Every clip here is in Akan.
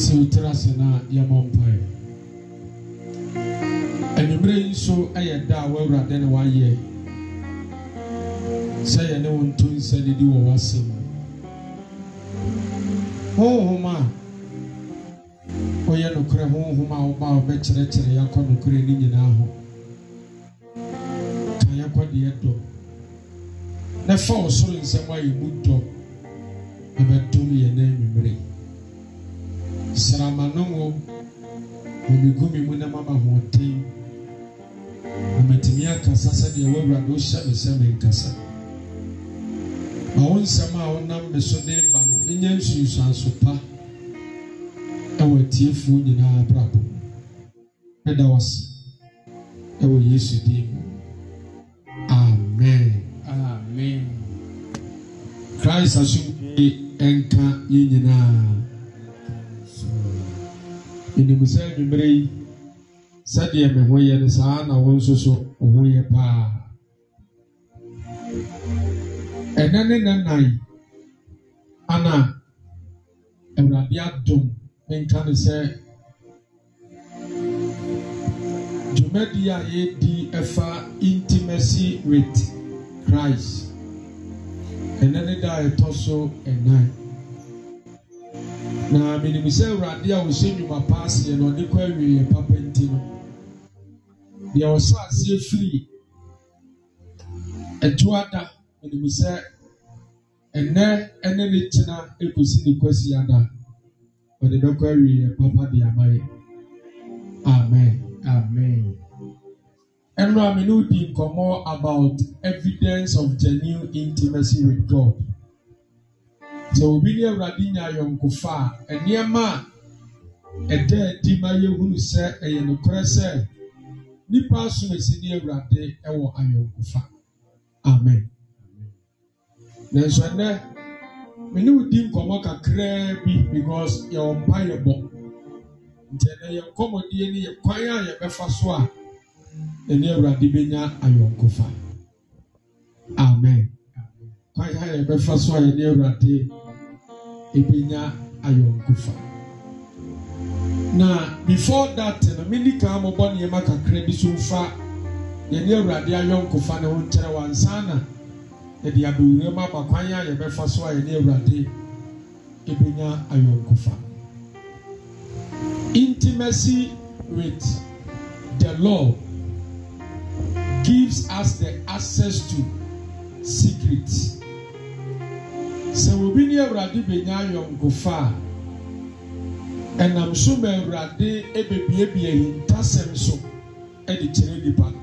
tew tira ase na yɛbɔ mpae anwummerɛ yi nso yɛ da a wɔawurade ne wayɛ sɛ yɛne wo nto nsa didi wɔ w'asɛm honhom a woyɛ nokorɛ honhom a woba a wobɛkyerɛkyerɛ yɛakɔ nokorɛ ne nyinaa ho ka yɛkɔ deɛ dɔ na fa ɔsoro nsɛm a yɛ mu dɔ ɛbɛdom yɛ na anwummerɛ yi sra m'anowo na mu na mama hoɔden na matumi akasa sɛdeɛ woawurade wohyɛ me sɛ menkasa ma wo nsɛm a wonam me so de ba no ɛnyɛ nsunsuanso pa ɛwɔ atiefoɔ nyinaa brabɔ mu ɛda wase ɛwɔ yesu din mu amen amen christ asomdwe ɛnka yɛn nyinaa menim sɛ adwumerɛ yi sɛdeɛ me ho yɛ no saa na wo nso so wo ho yɛ paa ɛnɛ ne nɛ nan ana awurade adom menka no sɛ dwumadi a yɛdi ɛfa intimacy with christ ɛnɛ ne da a ɛtɔ so ɛnan na menim sɛ awurade a ɔhyɛ nnwuma pa aseɛ na ɔde kɔ awieɛ papa nti no deɛ ɔsɔ aseɛ firi ɛtoa da menim sɛ ɛnɛ ɛne ne kyena ɛkɔsi ne kwasi ada ɔde bɛkɔ awieɛ papa de ama yɛ amen amen ɛno a me ne wodi nkɔmmɔ about evidence of genuine intimacy with god sɛ obi ne awurade nya ayɔnkofa a nneɛma a ɛda adi ma yɛhunu sɛ ɛyɛ nokorɛ sɛ nipa asom esi ne awurade ɛwɔ ayɔnkofa amen nanso ɛnɛ mene wo di nkɔmɔ kakraa bi because yɛwɔ mpa yɛ bɔ nti ɛnɛ yɛ nkɔmɔdie ne yɛ kwan a yɛbɛfa so a ɛne awurade bɛnya ayɔnkofa amen kwan a yɛbɛfa so a ɛne awurade ebenya ayɔnkofa na before that na mini kan mo bɔ nneɛma kakra bi so nfa yɛde awurade ayɔnkofa ne ho nkyerɛ wansan na yɛde abɛwura mu aba kwan a yɛbɛfa so a yɛde awurade ebenya ayɔnkofa intimacy with the law gives us the access to secrets sɛ obi ne awurade benya ayɔnkofa a ɛnam so ma awurade ebebiebie yi ntasɛm so ɛde kyerɛ nipa no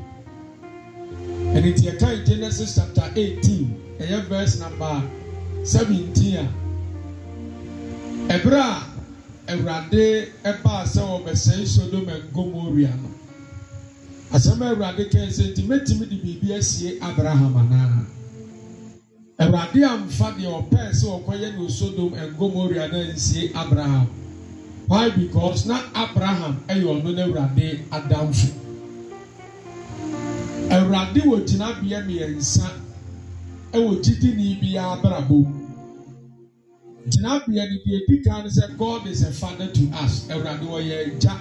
ɛne tie kan genesis chapter eighteen ɛyɛ verse number seventeen a ɛbrɛ a awurade ɛbaa sɛ wɔbɛsɛe sodom and gomoria no asɛm a awurade kɛn sɛ nti mɛtumi de biribi asie abraham anaa awurade amfa deɛ ɔpɛɛ sɛ ɔkɔyɛ no sodom and gomoria na nsie abraham why because na abraham ɛyɛ ɔno na awurade adamfo awurade wɔ gyinabea mmiɛnsa ɛwɔ gyidini biara abrabɔ mu gyinabea no deɛ edi kan no sɛ god is a father to us awurade wɔyɛ agya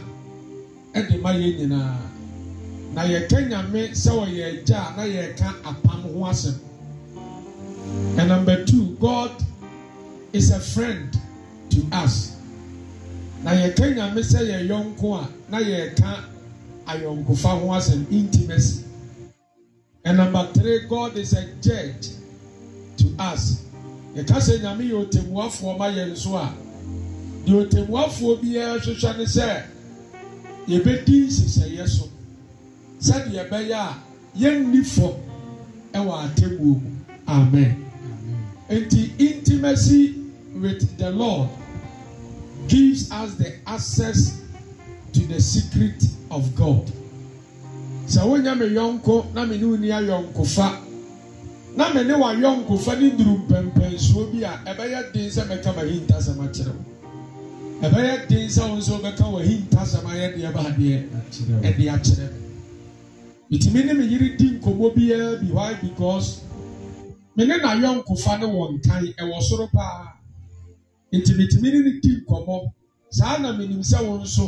ɛde ma yɛn nyinaa na yɛka nyame sɛ wɔyɛ agya a na yɛka apam ho asɛm And number two, God is a friend to us. Na yɛka nyame sɛ yɛ yɔnko a na yɛka ayɔnkofa ho asɛm intimacy. And number three, God is a judge to us. Yɛka sɛ nyame yɛ otemuafoɔ ma yɛn so a deɛ otemuafoɔ biara hwehwɛ ne sɛ yɛbɛdi nhyehyɛeɛ so sɛdeɛ ɛbɛyɛ a yɛnni fam wɔ atemmuo mu amen nti intimacy with the lord gives us the access to the secret of god sɛ wonya me yɔnko na me ne woni ayɔnkofa na me ne wa yɔnkofa ne duru mpɛmpɛnsuo bi a ɛbɛyɛ den sɛ mɛka ma hintasɛm akyerɛ wo ɛbɛyɛ den sɛ wo nso wobɛka wa hintasɛm ayɛ deɛ baadeɛ ɛde akyerɛ me metumi ne me yere di nkɔmmɔ biara bi why because mene na yɔnkofa ne wɔn tan ɛwɔ soro paa ntimitimi ne ne di nkɔmɔ saa na menim sɛ wɔn nso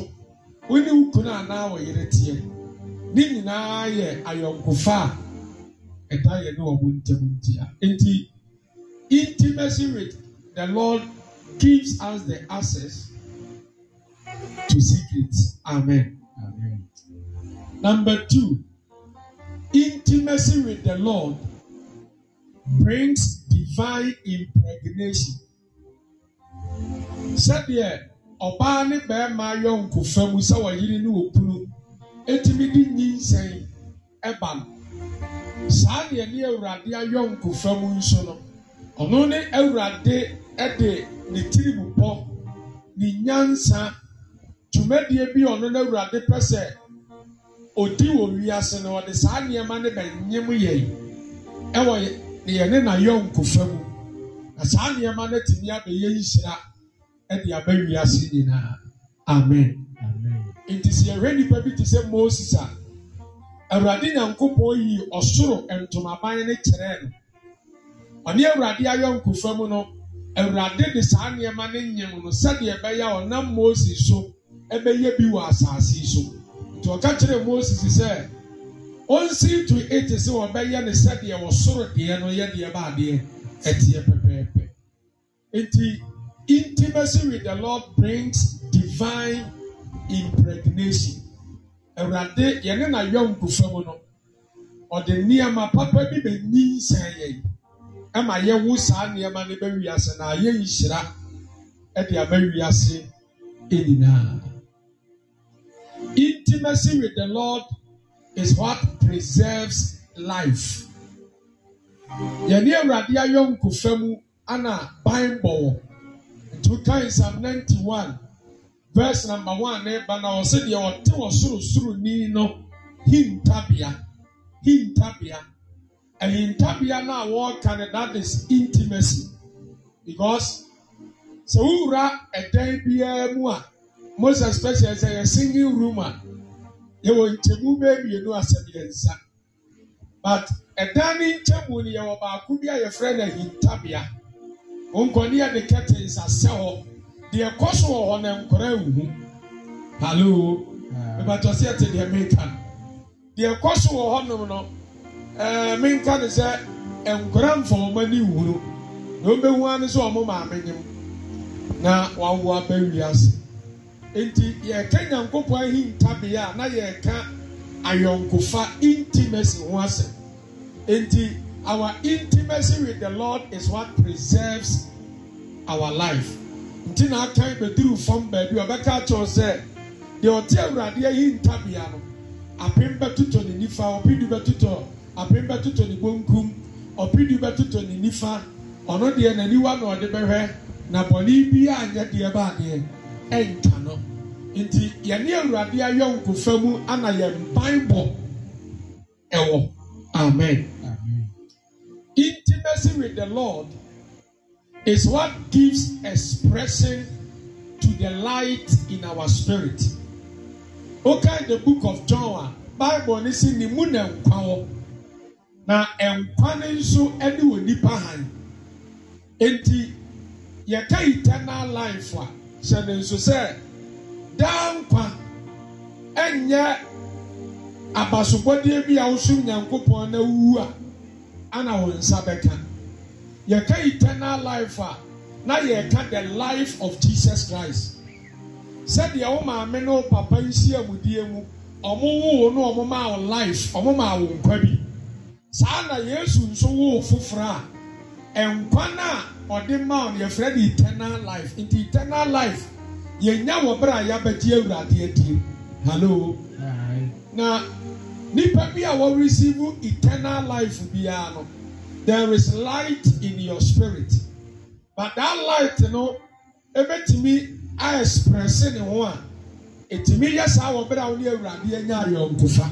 wɔne wo kunu anaa wɔ yere teɛ ne nyinaa yɛ ayɔnkofa a ɛda yɛ ne wɔn ntam ntia nti intimacy with the lord gives us the access to secrets amen. amen. number two intimacy with the lord brings divine impregnation. Sẹ́díẹ̀ ọbaa ne bẹ́ẹ̀ma yọ nkùfẹ́ mu sẹ́ wọ́n yiri ne òkunu etimi di nyinsẹ́n ẹ̀ba no. Saa deɛ ne awurade ayɔ nkùfẹ́ mu nso no, ɔno ne awurade ɛde ne tirimu bɔ ne nyansa dwumadie bi ɔno ne awurade pɛ sɛ odi wɔ wiase no ɔde saa nneɛma ne bɛnyem yɛn ɛwɔ yɛn. na yɛne na yɔn nkofa mu na saa nneɛma no tumi abɛyɛ nhyira de aba wiase nyinaa amen nti sɛ yɛhwɛ nnipa bi te sɛ moses a awurade nyankopɔn yii ɔsoro ntomaban no kyerɛɛ no ɔne awurade ayɔnkofa mu no awurade de saa nneɛma no nyem no sɛdeɛ ɛbɛyɛ a ɔnam moses so ɛbɛyɛ bi wɔ asase so nti ɔka kyerɛɛ moses sɛ wɔnsi to eight sɛ wɔbɛyɛ ne sɛdeɛ wɔsoro deɛ no yɛ deɛ baadeɛ ɛteɛ pɛpɛɛpɛ nti intimacy with the lord brings divine impregnation awurade yɛne na yɔn kufa mu no ɔde nneɛma papa bi bɛ ninsɛn yɛn ɛma yɛwo saa nneɛma no bɛ wiase na ayɛ nhyira ɛde aba wiase nyinaa intimacy with the lord is what preserves life. Yɛne awurade ayɔnkofa mu ana ban bɔ wɔ. Nti kan Psalm verse number one ne ba na ɔsɛ deɛ ɔte wɔ sorosoro ni no hintabea hintabea ɛhintabea na wɔɔka no that is intimacy because sɛ wowura ɛdan biara mu a most especially sɛ yɛ single room a yɛwɔ nkyɛmu mmienu asɛmmiɛnsa but ɛdan ne nkyɛmu no yɛwɔ baako bi a yɛfrɛ no ahintabea nkɔnea de curtains asɛ hɔ deɛ ɛkɔ so wɔ hɔ no nkɔra nhu hallo mepatɔ sɛ ɛte deɛ meka no deɛ ɛkɔ so wɔ hɔnom no ɛɛ menka no sɛ nkɔra mfɔwɔma ne nhunu na ɔmbɛhu ano sɛ ɔmo maame nyem na wawo abɛwi ase nti yɛka nyankopɔn ahi ntabea a na yɛka ayɔnkofa intimacy ho asɛm nti our intimacy with the lord is what preserves our life nti na akan bɛduru fam baabi ɔbɛka akyɛw sɛ deɛ ɔte awurade ahi ntabea no apem bɛtotɔ ne nifa ɔpedu bɛtotɔ apem bɛtotɔ ne bonkum ɔpedu bɛtotɔ ne nifa ɔno deɛ n'aniwa na ɔde bɛhwɛ na bɔnne bi a nyɛ deɛ baadeɛ ɛnka no. nti yɛne awurade ayɛ nkofa mu ana yɛn baibɔ ɛwɔ amen. Intimacy with the Lord is what gives expression to the light in our spirit. Okay, the book of John, Bible is in the moon and power. Now, and panning so anyone nipa hand. Enti, yɛka eternal life a, sɛ ne nso sɛ daa nkwa ɛnyɛ abasobɔdeɛ bi a wosom nyankopɔn na wu a ana wɔn nsa bɛka yɛka eternal life a na yɛka the life of jesus christ sɛdeɛ wo maame ne wo papa nhyiamudie mu ɔmo woo no ɔmo maa wo life ɔmo maa wo nkwa bi saa na yesu nso woo foforɔ a nkwa na ɔde maa no yɛfrɛ no eternal life nti eternal life yɛnya wɔ bere a yɛabɛgye awurade adie hallo na nipa bi a wɔreceive eternal life biara no there is light in your spirit but that light no ebetumi a express ne ho a etumi yɛ saa wɔ bere a wɔne awurade anya ayɔnkofa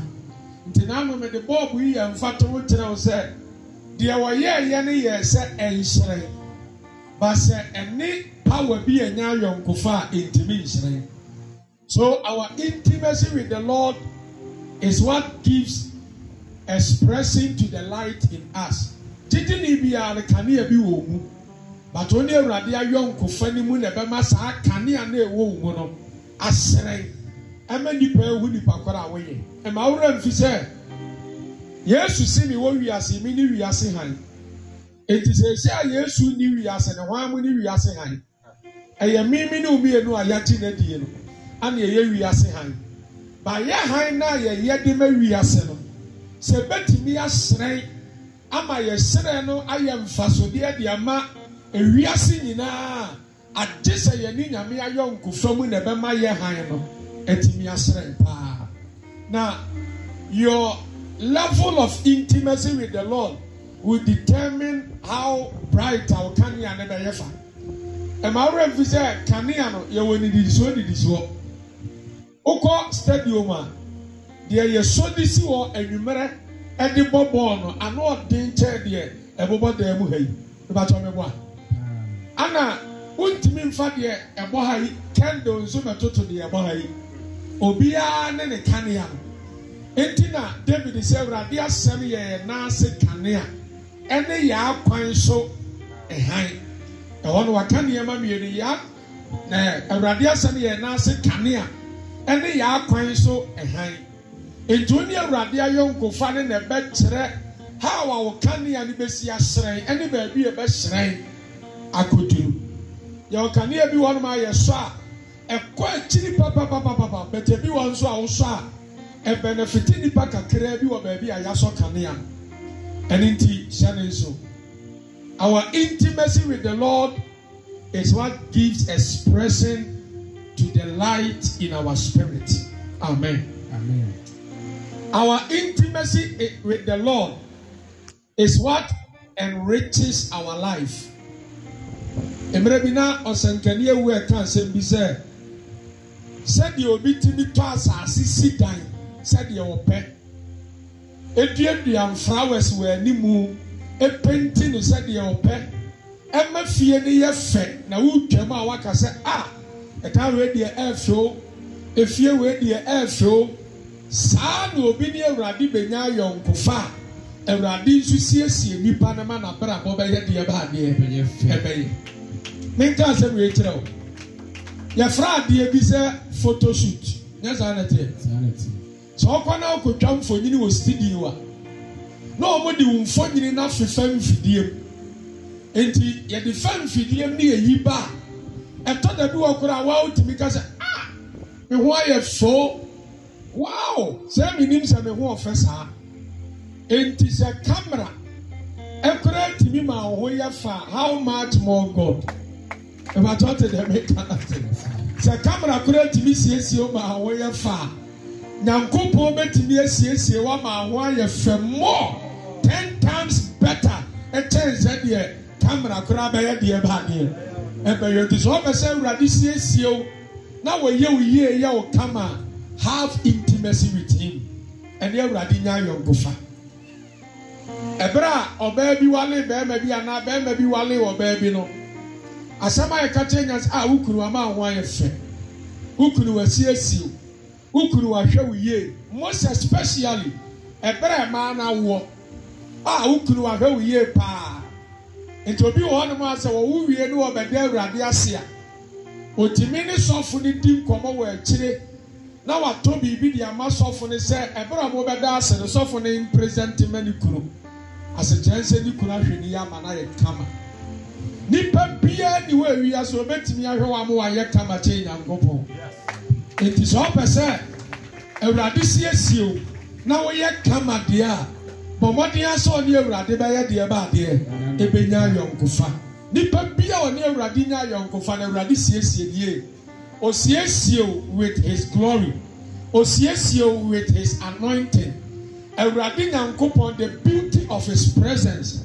nti n'anum de bɔɔbu yi yɛ nfa to ho kyerɛw sɛ deɛ wɔyɛɛyɛ no yɛ sɛ ɛnhyerɛn ba sɛ ɛne power bi yɛn nya ayɔnkofa a ntumi nhyerɛn so our intimacy with the lord is what gives expressing to the light in us titi ni biara no kanea bi wɔ mu but wɔn awurade ayɔnkofa ni mu na ɛbɛma saa kanea na ɛwɔ mu no asrɛn ɛma nipa ehu nipa kora a wɔyɛ ɛma awura nfi sɛ yesu si mi wɔ wiase mi ni wiase han eti sɛ esi a yesu ni wiase ne hwan mu ni wiase han. ɛyɛ mímí ne mmienu a yɛate ne die no ana ɛyɛ wiase han ba yɛ han na yɛyɛ de ma wiase no sɛ bɛtumi aserɛn ama yɛserɛn no ayɛ mfasodeɛ de ama ewiase nyinaa agye sɛ yɛne nyame ayɔ nkofam na ɛbɛma yɛ han no ɛtumi aserɛn paa na your level of intimacy with the lord will determine how bright our kanea ne bɛyɛ fa. ɛma awerɛ mfi sɛ kanea no yɛwɔ nidisoɔ nidisoɔ wokɔ stadium a deɛ yɛsɔ de si wɔ anwummerɛ ɛde bɔ bɔɔl no ano ɔden kyɛɛ deɛ ɛbobɔ dan mu ha yi ebatɔ mi bɔ a ana wontumi nfa deɛ ɛbɔ ha yi kɛndɛl nso mɛtoto deɛ ɛbɔ ha yi obiara ne ne kanea no eti na david sɛ awurade asɛm yɛ yɛn nan kanea ɛne yɛ akwan so ɛhan. ɛhɔ no waka nneɛma mmienu yɛ ɛɛ awurade asɛm yɛ nan ase kanea ɛne yɛ akwan so ɛhan ntuo ne awurade ayɔnkofa ne na ɛbɛkyerɛ ha a wɔn kanea no bɛsi ahyerɛn ɛne baabi yɛ bɛhyerɛn akoduru yɛwɔ kanea bi wɔnom ayɛ so a ɛkɔ akyiri papapapapa bɛtɛ bi wɔn nso a wɔsɔ a ɛbɛnɛfiti nipa kakraa bi wɔ baabi a yɛasɔ kanea ɛne nti hyɛ nso. Our intimacy with the Lord is what gives expression to the light in our spirit. Amen. Amen. Our intimacy with the Lord is what enriches our life. mmerɛ bi na ɔsɛnkani ewu ɛka nsɛm bi sɛ sɛdeɛ obi ti mi tɔ asaase si dan sɛdeɛ ɔpɛ eduadua flowers wɔ animu epenti no sɛdeɛ ɔpɛ ɛma fie no yɛ fɛ na wotwam a waka sɛ a ɛtan wei deɛ ɛɛfɛ efie wei deɛ ɛɛfɛ saa na obi ne awurade benya ayɔnkofa a awurade nso siesie nipa no ma n'abrabɔ bɛyɛ deɛ baadeɛ ɛbɛyɛ menka asɛm wei kyerɛ o yɛfrɛ adeɛ bi sɛ photoshoot nyɛ saa na ɛteɛ sɛ ɔkɔ na ɔkɔtwa mfonyini wɔ studio a na wɔn de mfonyini no afefa mfidie mu nti yɛde fa mfidie mu ne yɛyi ba a ɛtɔ da bi wɔ koro a wɔn tumi ka sɛ ah me ho ayɛ so wow sɛ me nim sɛ me ho ɔfɛ saa nti sɛ kamera ɛkora tumi ma wo ho yɛ fa how much more god ɛbɛtɔ te dɛm ɛka na te sɛ kamera kora tumi siesie ma wo yɛ fa nyankopɔn bɛtumi asiesie wama aho ayɛ fɛ more ten times better ɛkyɛn sɛ deɛ kamera koraa bɛyɛ deɛ baadeɛ ɛbɛyɛ ti sɛ ɔbɛ sɛ awurade siesie o na wɔyɛ wo yie yɛ wo kama have intimacy with him ɛne awurade nya ayɔnkofa ɛberɛ a ɔbaa bi wale bɛrima bi anaa bɛrima bi wale ɔbaa bi no asɛm a yɛka kyerɛ nya sɛ a wo kunu ama aho ayɛ fɛ wo kunu wasiesie o wokuru wahwɛ wo yie mose specially ɛbɛrɛ maa n'awoɔ a wokuru wahwɛ wo yie paa nti obi wɔ hɔnom a wɔ wɔwo wie no wɔbɛda awurade ase a otimi ne sɔfo no di nkɔmɔ wɔ akyire na watɔ biribi de ama sɔfo no sɛ ɛbɛrɛ a wɔbɛda ase no sɔfo no mpresente ma ne kuro asekyerɛ nsɛ ne kuro ahwɛ ne yɛ ama na ayɛ kama nipa biara ne wɔ awia so obɛtumi ahwɛ wɔn a wɔayɛ kama kye nyankopɔn. Yes. nti sɛ ɔpɛ sɛ awurade siesie o na woyɛ kama deɛ a bɔ mmɔden asɛ ɔne awurade bɛyɛ deɛ baadeɛ ebɛnya ayɔnkofa nipa bi a ɔne awurade nya ayɔnkofa na awurade siesie nie osiesie o with his glory osiesie o with his anointing awurade nyankopɔn the beauty of his presence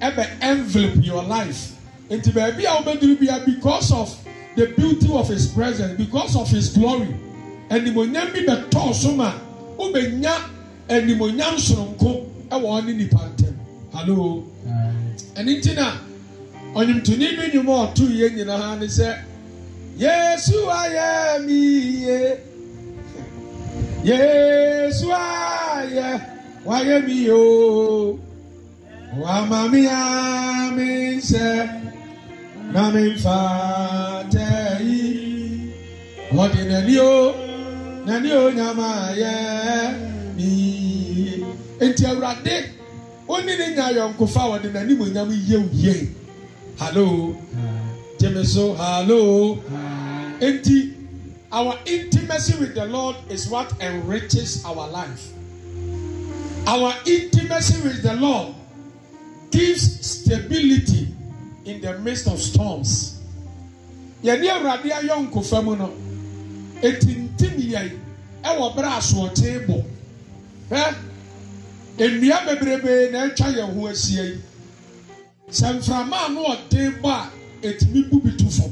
ɛbɛ envelope your life nti baabi a wobɛduru bia because of the beauty of his presence because of his glory animonyam bi bɛ tɔɔ so ma wobɛnya animonyam soronko ɛwɔ ɔne nipa ntɛm hallo ɛne nti na ɔnyimtoni no nnwuma ɔto yie nyinaa ne sɛ yesu ayɛ mi yie yesu ayɛ wayɛ mi yio wama mi ami nsɛ. na mi nfa yi ọdi nani o nani o nyama yẹ mi eti awurade oni ne nya ayɔnkofa ɔdi nani mo nyam ye ye. Hello, jẹmi Hello. Enti, our intimacy with the lord is what enriches our life our intimacy with the lord gives stability. in the midst of storms. Yɛde awurade ayɔ nkofa mu no, etintim yɛn ɛwɔ bere asoɔten bɔ. Hɛ, nnua bebrebe na atwa yɛn ho ahyia yi. Sɛ mframa ano ɔden bɔ a, etimi bu bi tu fam.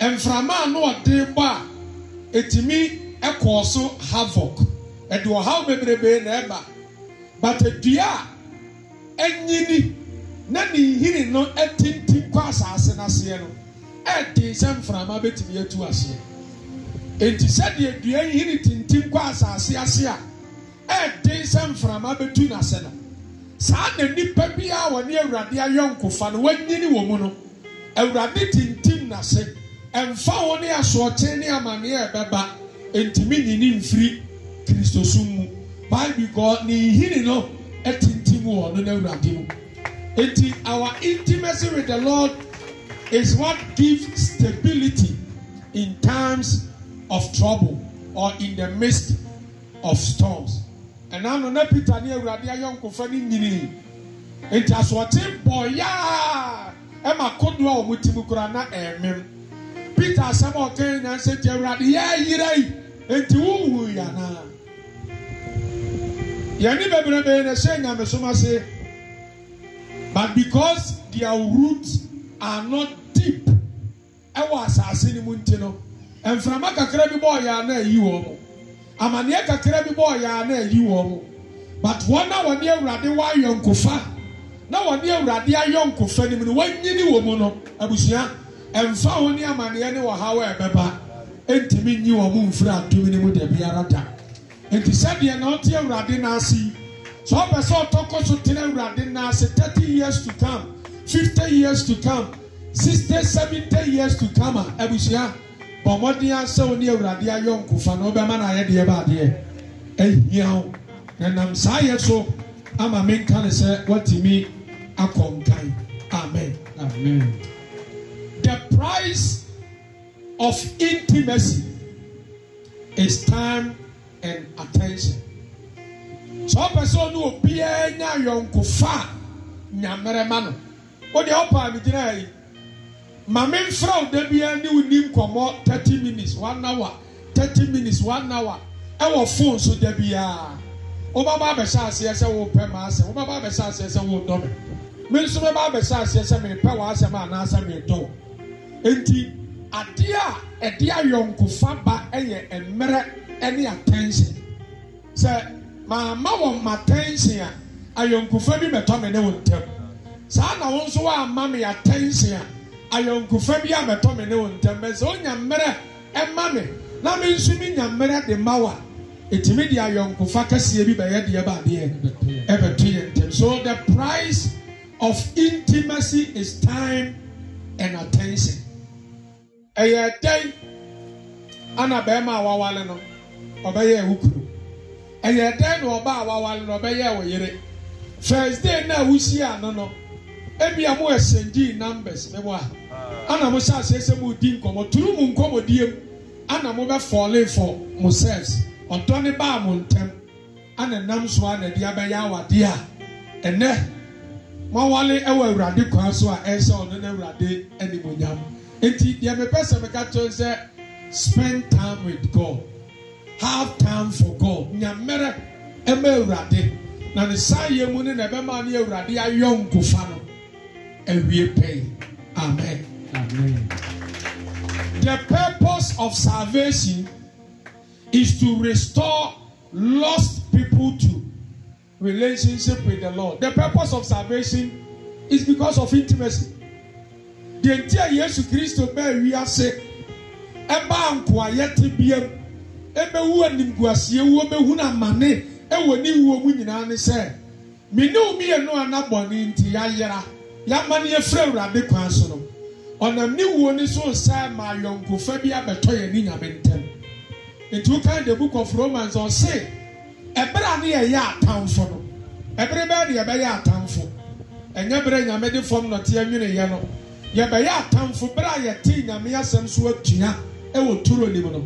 Mframa ano ɔden bɔ a, etimi ɛkɔɔ so havoc. Ɛde ɔhaw bebrebe na ɛba. But dua a, enyini. na ne nhini no tintim kɔ asase n'aseɛ no ɛden sɛ mframa bɛtumi atu aseɛ nti sɛdeɛ dua nhini tintim kɔ asase ase a ɛden sɛ mframa bɛtu n'ase no saa na nipa bi a wɔne awurade ayɔnkofa no wɔanyini wɔ mu no awurade tintim n'ase ɛmfa wo ne asoɔkye ne amanneɛ ɛbɛba ntumi nyini mfiri kristosom mu bible god ne nhini no tintim wɔ no n'awurade mu. Eti our intimacy with the Lord is what gives stability in times of trouble or in the midst of storms. Ɛna no na Peter ne Awurade ayɔnkofa ne nyini. Nti asoɔte bɔyaa ɛma kodoɔ a wɔn ti mu kura na ɛmem. Peter asɛm a ɔka nyinaa sɛ ti Awurade yɛ ayira yi nti wuhu yana. Yɛne bebrebe na ɛhyɛ nyamesoma se but because their roots are not deep ɛwɔ asase ne mu nti no mframa kakra bi bɔ ɔyɛ ana ayi wɔn amaneɛ kakra bi bɔ ɔyɛ ana ayi wɔn but wɔn a wɔn awurade wɔ ayɔnkofa na wɔn awurade ayɔnkofa ne mu no wɔnyini wɔn mu no abusua mfa wɔn ne amaneɛ ne wɔhaw ɛbɛba ntumi nyi wɔn mfiri atum ne mu dɛbi ara da nti sɛdeɛ na ɔte awurade n'ase yi sɛ ɔpɛ sɛ ɔtɔkɔ so tena awurade na ase thirty years to come fifty years to come sixty seventy years to come a abusua ɔmɔden asɛw ne awurade ayɔ nkofa na ɔbɛma na ayɛ deɛ baadeɛ ahia wo na nam saa yɛ so ama menka ne sɛ watumi akɔ nkan amen amen the price of intimacy is time and attention sɛ ɔpɛ sɛ ɔne obiara nya ayɔnkofa a nyammerɛ ma no wodeɛ ɔpaa me gyina yi maame mfra wo da biara ne ni nkɔmmɔ 30 minutes one hour thirty minutes one hour ɛwɔ phone so da biara wobɛba abɛhyɛ aseɛ sɛ wopɛ ma asɛm wobɛba abɛhyɛ aseɛ sɛ wodɔ me me nso bɛba abɛhyɛ aseɛ ma mepɛ w'asɛm anaasɛ medɔ enti adeɛ a ɛde ayɔnkofa ba yɛ mmerɛ ne attention So. maama wɔn atɛnse a ayɔnkofa bi mɛtɔ me ne wo ntɛm saa na wo nso woama me atɛnse a ayɔnkofa bi a mɛtɔ me ne wo ntɛm bɛ sɛ wonya mmerɛ ɛma me na me nso mi nya mmerɛ de ma wa de ayɔnkofa kɛseɛ bi bɛyɛ deɛ baadeɛ ɛbɛto yɛ ntɛm so the price of intimacy is time and attention ɛyɛ dɛn ana bɛrima a wawale no ɔbɛyɛ ɛwo kuro ɛyɛ dɛn na ɔbaa wawale na ɔbɛyɛ wɔ yere first day na wusi ano no ebi a mo ɛsɛndi numbers bɛ mo a ah. ana mo sɛ asese mo di nkɔmɔ turu mo nkɔmɔ die mu ana mo bɛ fɔle fɔ mo sɛfs ɔtɔ ne baa mo ntɛm ana nam so a na ɛde abɛyɛ awadeɛ a ɛnɛ mo awale ɛwɔ awurade kwan so a ɛsɛ ɔno na awurade ɛne mo nyam nti deɛ mepɛ sɛ meka kyerɛ sɛ spend time with god. have time for God. Nyamere eme awurade na ne saa yɛ mu ne na ɛbɛma ne awurade ayɔ nkofa no awie pɛn amen. amen. The purpose of salvation is to restore lost people to relationship with the Lord. The purpose of salvation is because of intimacy. Deɛ nti a Yesu Kristo bɛɛ wiase ɛbaa nkoayɛ te biem ebewu animguasie wuo behunu amane ɛwɔ ne wuo mu nyinaa ne sɛ mene wo mmienu a nabɔne nti yɛayera yɛama ne yɛfrɛ awurade kwan so no ɔnam ne wuo ne so sɛ ma ayɔnkofa bi abɛtɔ yɛn ne nyame ntɛm nti wokan the book of romans ɔse ɛberɛ a ne yɛyɛ atamfo no ɛberɛ bɛɛ ne yɛbɛyɛ atamfo ɛnyɛ berɛ nyame de fam nɔteɛ nweneyɛ no yɛbɛyɛ atamfo berɛ a yɛtee nyame asɛm so atua ɛwɔ turo nim no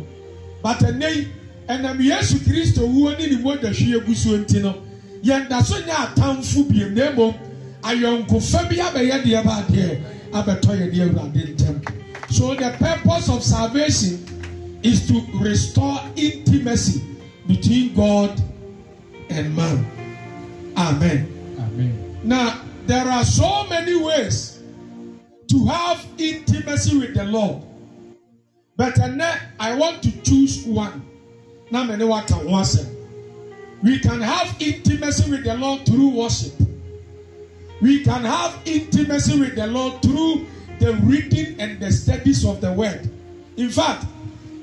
but ɛnɛ yi ɛnam yesu kristo wuo ne ne mogyahwie egusuo nti no yɛnda so nyɛ atamfo biem na mmom ayɔnkofa bi abɛyɛ deɛ ba adeɛ abɛtɔ yɛ deɛ a ntɛm so the purpose of salvation is to restore intimacy between God and man amen. amen. Now, there are so many ways to have intimacy with the Lord. but ɛnɛ i want to choose one na many ne wa ka ho asɛm we can have intimacy with the lord through worship we can have intimacy with the lord through the reading and the studies of the word in fact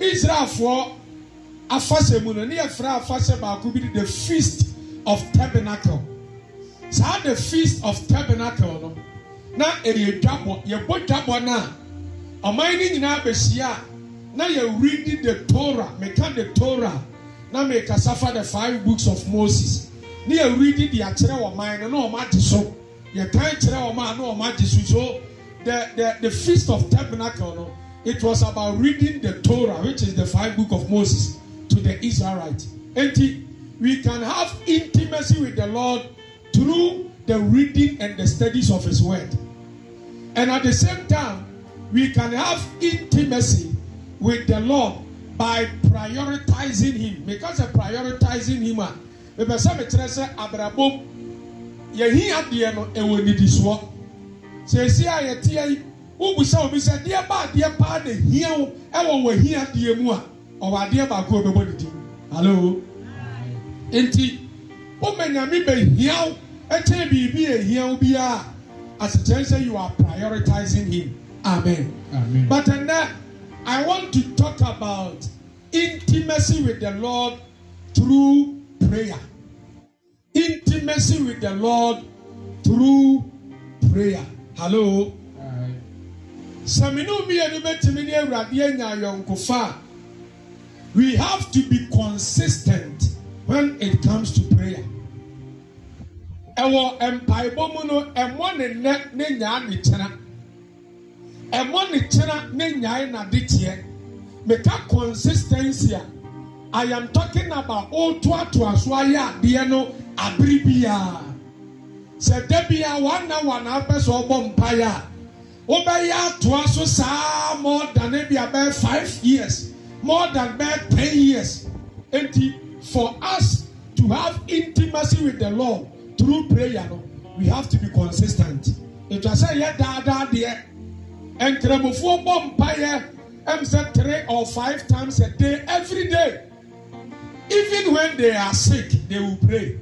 Israel for Afase no ne yɛ fira baako bi the feast of tabernacle saa the feast of tabernacle no na ɛyɛ dwabɔ yɛbɔ dwabɔ no a ɔman no nyinaa bɛhyia a. Now you're reading the Torah. Make the Torah. Now make suffer the five books of Moses. Now you're reading the Achera or mine. No, matter so. you can trying to no, matter am So the, the, the Feast of Tabernacle, no, it was about reading the Torah, which is the five book of Moses, to the Israelite. And we can have intimacy with the Lord through the reading and the studies of His Word. And at the same time, we can have intimacy with the Lord by prioritizing him because of prioritizing him a ah, mepɛ sɛ mekyerɛ sɛ abrabom yɛhi adeɛ no ɛwɔ nidisoɔ sɛsi a yɛteɛ yi wobusa obi sɛ deɛ ba adeɛ paa na hia wo ɛwɔ wɔhi adeɛ mu a ɔwɔ adeɛ baako a ɔbɛbɔ ne din hallo nti woma nyame bɛhia wo ɛkyɛn biribi a ɛhia wo biara asekyerɛ sɛ you are prioritizing him amen, amen. but ɛnɛ I want to talk about intimacy with the Lord through prayer. Intimacy with the Lord through prayer. Hello. We have to be consistent when it comes to prayer ɛmɔ ne kyerɛ ne nyae n'adeteɛ meka consistency a i am talking about ɔtoatoaso ayɛ adeɛ no abiri biara sɛ da biara wana wana apɛ sɛ ɔbɔ mpaeɛ a wobɛyɛ atoa so saa more than ebi abɛɛ five years more than bɛɛ ten years eti for us to have intimacy with the lord through prayer no we have to be consistent. ten t ètò àṣẹ yẹ dáadáa nkramofoɔ bɔ mpaeɛ ɛm sɛ three or five times a day every day even when they are sick they will pray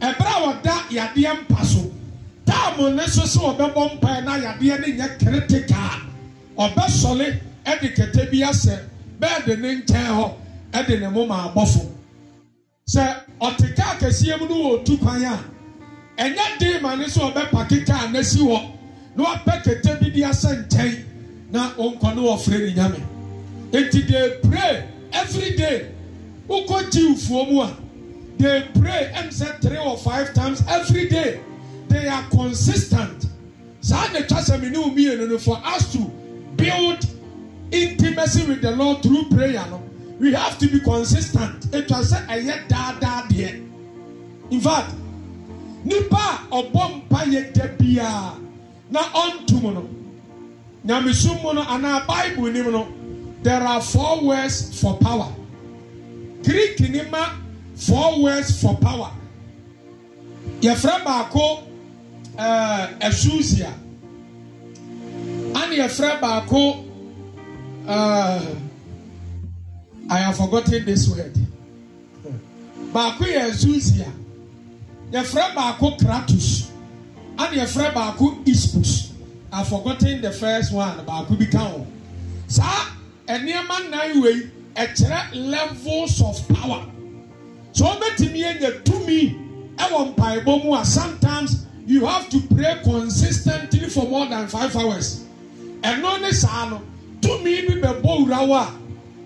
ɛbɛrɛ a wɔda yadeɛ mpa so taamu ne so sɛ ɔbɛbɔ mpaeɛ na yadeɛ ne nyɛ critical ɔbɛsɔle ɛde kɛtɛ bi asɛ bɛɛde ne nkyɛn hɔ ɛde ne mu ma abɔfo sɛ ɔte kaa kɛseɛ mu no wɔ otu kwan a ɛnyɛ den ma ne so ɔbɛpaki kaa n'asi wɔ na wapɛ kete bi de asɛ nkyɛn na wɔnkɔ ne wɔfrɛ ne nyame nti de pray every day wokɔ jiwfoɔ mu a they pray ɛm sɛ three or five times every day they are consistent saa na twa sɛ mene wo no for us to build intimacy with the lord through prayer no we have to be consistent etwa sɛ ɛyɛ daadaa deɛ in fact nipa a ɔbɔ mpa yɛ da biara na ɔntu mu no nyamesu mu no anaa bible nim no there are four words for power greek ni ma four words for power yɛfrɛ baako ɛɛ eh, ɛsuusia ɛna yɛfrɛ baako ɛɛ eh, i have forgotten this word baako yɛ ɛsuusia yɛfrɛ baako kratos ɛna yɛfrɛ baako ispus i forgotten the first one baako bi ka ho saa nneɛma nan wei ɛkyerɛ levels of power so wɔbɛtumi anya tumi ɛwɔ mpaebɔ mu a sometimes you have to pray consistently for more than five hours ɛno ne saa no tumi bi bɛbɔ wura wo a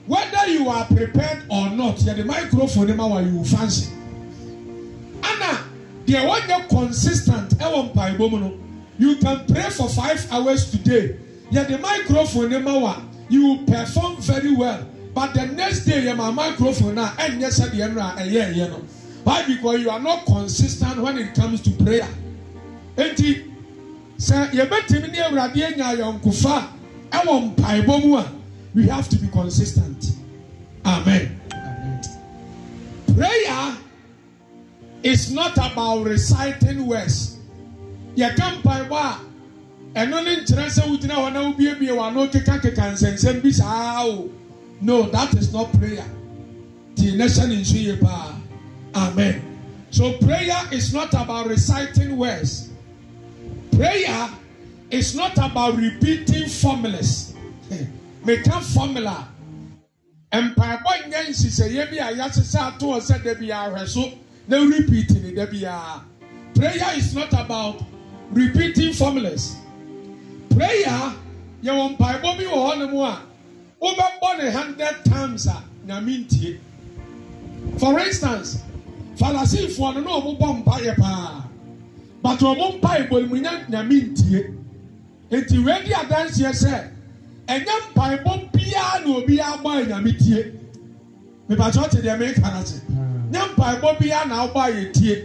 whether you are prepared or not yɛde microphone ma wa you fancy ana deɛ wɔnyɛ consistent ɛwɔ mpaebɔ mu no you can pray for five hours today yɛde microphone ne ma wa you perform very well but the next day yɛ ma microphone na ɛnyɛ sɛdeɛ no a ɛyɛ ɛyɛ no why because you are not consistent when it comes to prayer eti sɛ yɛbɛtumi ne awurade anya ayɔnkofa ɛwɔ mpaebɔ mu a we have to be consistent amen, amen. prayer. It's not about reciting words. Yɛka mpaebɔ a ɛno ne nkyerɛ sɛ wogyina hɔ na wobiemie w'ano kekakeka nsɛnsɛm bi saa o. No, that is not prayer. Ti ne hyɛ ne nsu yie paa. Amen. So prayer is not about reciting words. Prayer is not about repeating formulas. Meka formula. Mpaebɔ nyɛ nhyehyɛeɛ bi a yɛasesa ato hɔ sɛ da bi ahwɛ so. na repeat ne da biara prayer is not about repeating formulas prayer yɛwɔ mpaebɔ bi wɔ hɔnom a wobɛbɔ ne hundred times a nyame ntie for instance farisifoɔ no na wɔn bɔ mpaeɛ paa but wɔn mpaebɔ mu nya nyame ntie eti wei di adanseɛ sɛ ɛnyɛ mpaebɔ biara na obiara bɔ nyame tie mipatsɛ ɔte deɛ hmm. meka na se ne mpaebɔ biara na ɔbɔ ayɛ tie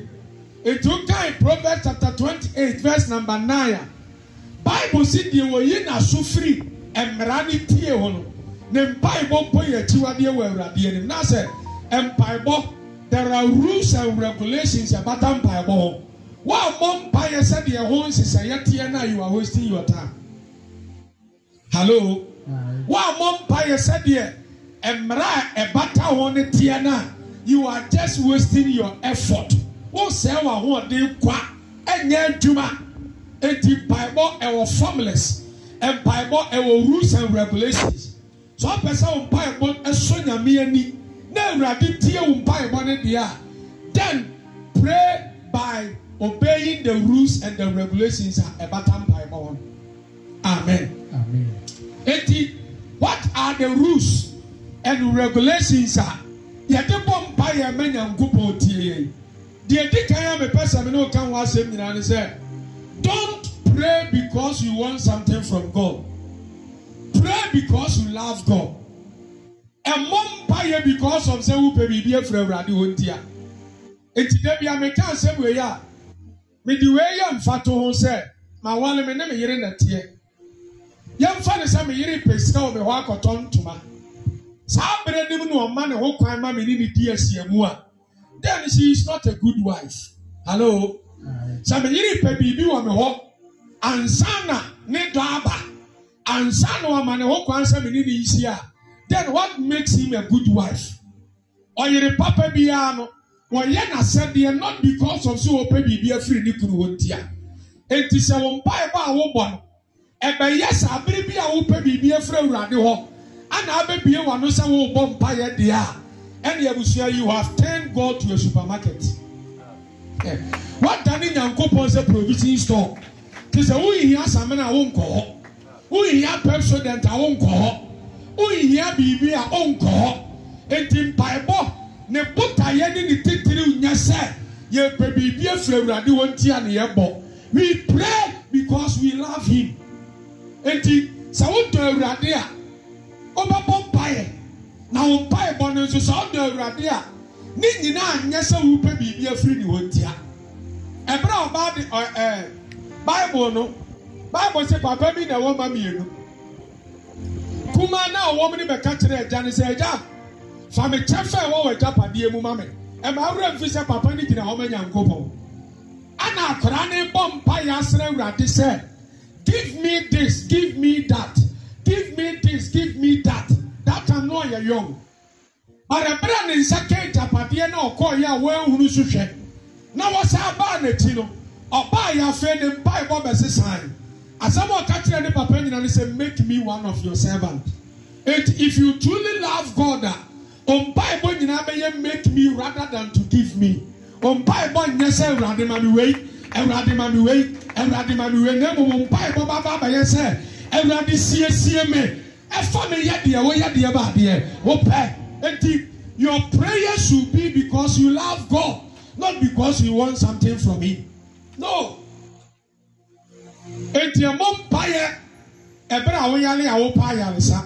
etu nkae proverbs chapter twenty eight verse number nine a bible si deɛ wɔyi n'aso firi mmara ne tie ho no ne mpaebɔ mpo yɛ akyiwadeɛ wɔ awurade anim na sɛ mpaebɔ there are rules and regulations about mpaebɔ ho wɔn a wɔn mpaeɛ sɛdeɛ ho nhyehyɛeɛ teɛ na you are wasting your time hello wɔn a wɔn mpaeɛ sɛdeɛ mmara a ɛbata ho ne teɛ na you are just wasting your effort wọ́n sẹ́ wà hóɔden kwa ɛnyɛ adwuma eti mpaebɔ ɛwɔ formulas mpaebɔ ɛwɔ rules and regulations so apɛ sɛ wɔn mpaebɔ ɛso nyame ani na awurade tie wɔn mpaebɔ ne deɛ then pray by obeying the rules and the regulations a ɛbata mpaebɔ amen. amen. eti what are the rules and regulations a yɛde bɔ mpa yɛn mɛ nyankopɔn tie yɛn deɛ di kan a mepɛ sɛ me ne o kan wɔ asɛm nyinaa ne sɛ don't pray because you want something from God pray because you love God ɛmɔ mpa yɛ because of sɛ wopɛ biribi afiri awurade wɔn ti a eti dɛbi a meka asɛm wɔ yi a mede wei yɛ mfa to ho sɛ ma wɔn me ne me yere na teɛ yɛmfa ne sɛ me yere pɛ sika wɔ me hɔ akɔtɔ ntoma saa bere nim na ɔma ne ho kwan ma me ne ne di a then she is not a good wife hello sɛ me yiri pɛ biribi wɔ me hɔ ansa na ne dɔ aba ansa na ɔma ne ho kwan sɛ me ne ne a then what makes him a good wife ɔyere papa biara no wɔyɛ n'asɛdeɛ not because of so wɔpɛ biribi afiri ne kunu wɔn ti a eti sɛ wɔn mpaebɔ a wɔbɔ no ɛbɛyɛ saa bere bi a wɔpɛ biribi afiri awurade hɔ ana abɛbie wano sɛ worebɔ mpaeɛ deɛ a ɛne abusua you have turned go to a supermarket wadane nyankopɔn sɛ provision store te sɛ wohia samena a wonkɔ hɔ wohia pepsodent a wonkɔ hɔ wohia biribi a wonkɔ hɔ enti mpaebɔ ne botaeɛ ne ne titiri nyɛ sɛ yɛpɛ biribi afiri awurade wɔn ti a ne yɛbɔ we pray because we love him enti sɛ wotɔ awurade a wobɛbɔ mpaeɛ na wo mpaebɔ no nso sɛ wodɔ awurade a ne nyinaa nyɛ sɛ wopɛ biribi afiri ne hɔ ntia ɛberɛ a ɔbaa de ɛɛ bible no bible sɛ papa bi na ɛwɔ ma mmienu kuma na ɔwɔ mu ne bɛka kyerɛ agya ne sɛ agya fa me kyɛ fɛ ɛwɔ wɔ agyapadeɛ mu ma me ɛma awura mfi sɛ papa ne gyina hɔ ma nyankopɔn ana akwaraa ne bɔ mpaeɛ asrɛ awurade sɛ give me this give me that give me this give me that that time no ɔyɛ young but ɛbɛrɛ ne nsa kee japadeɛ na ɔkɔɔ yɛ a wɔahunu so hwɛ na wɔsan baa n'akyi no ɔbaa yɛ afei ne mpaebɔ bɛsesan asɛm a ɔka kyerɛ ne papa nyina ne sɛ make me one of your servant it if you truly love God a mpaebɔ nyinaa bɛyɛ make me rather than to give me mpaebɔ nyɛ sɛ awurade ma mi wei awurade ma mi wei awurade ma mi wei na mmom mpaebɔ baba abɛyɛ sɛ awurade siesie me ɛfa me yɛdeɛ wo yɛdeɛ baadeɛ wo pɛ eti your prayer should be because you love God not because you want something from him no eti ɛmɔ mpaeɛ ɛbɛrɛ a woyare a wopa ayaresa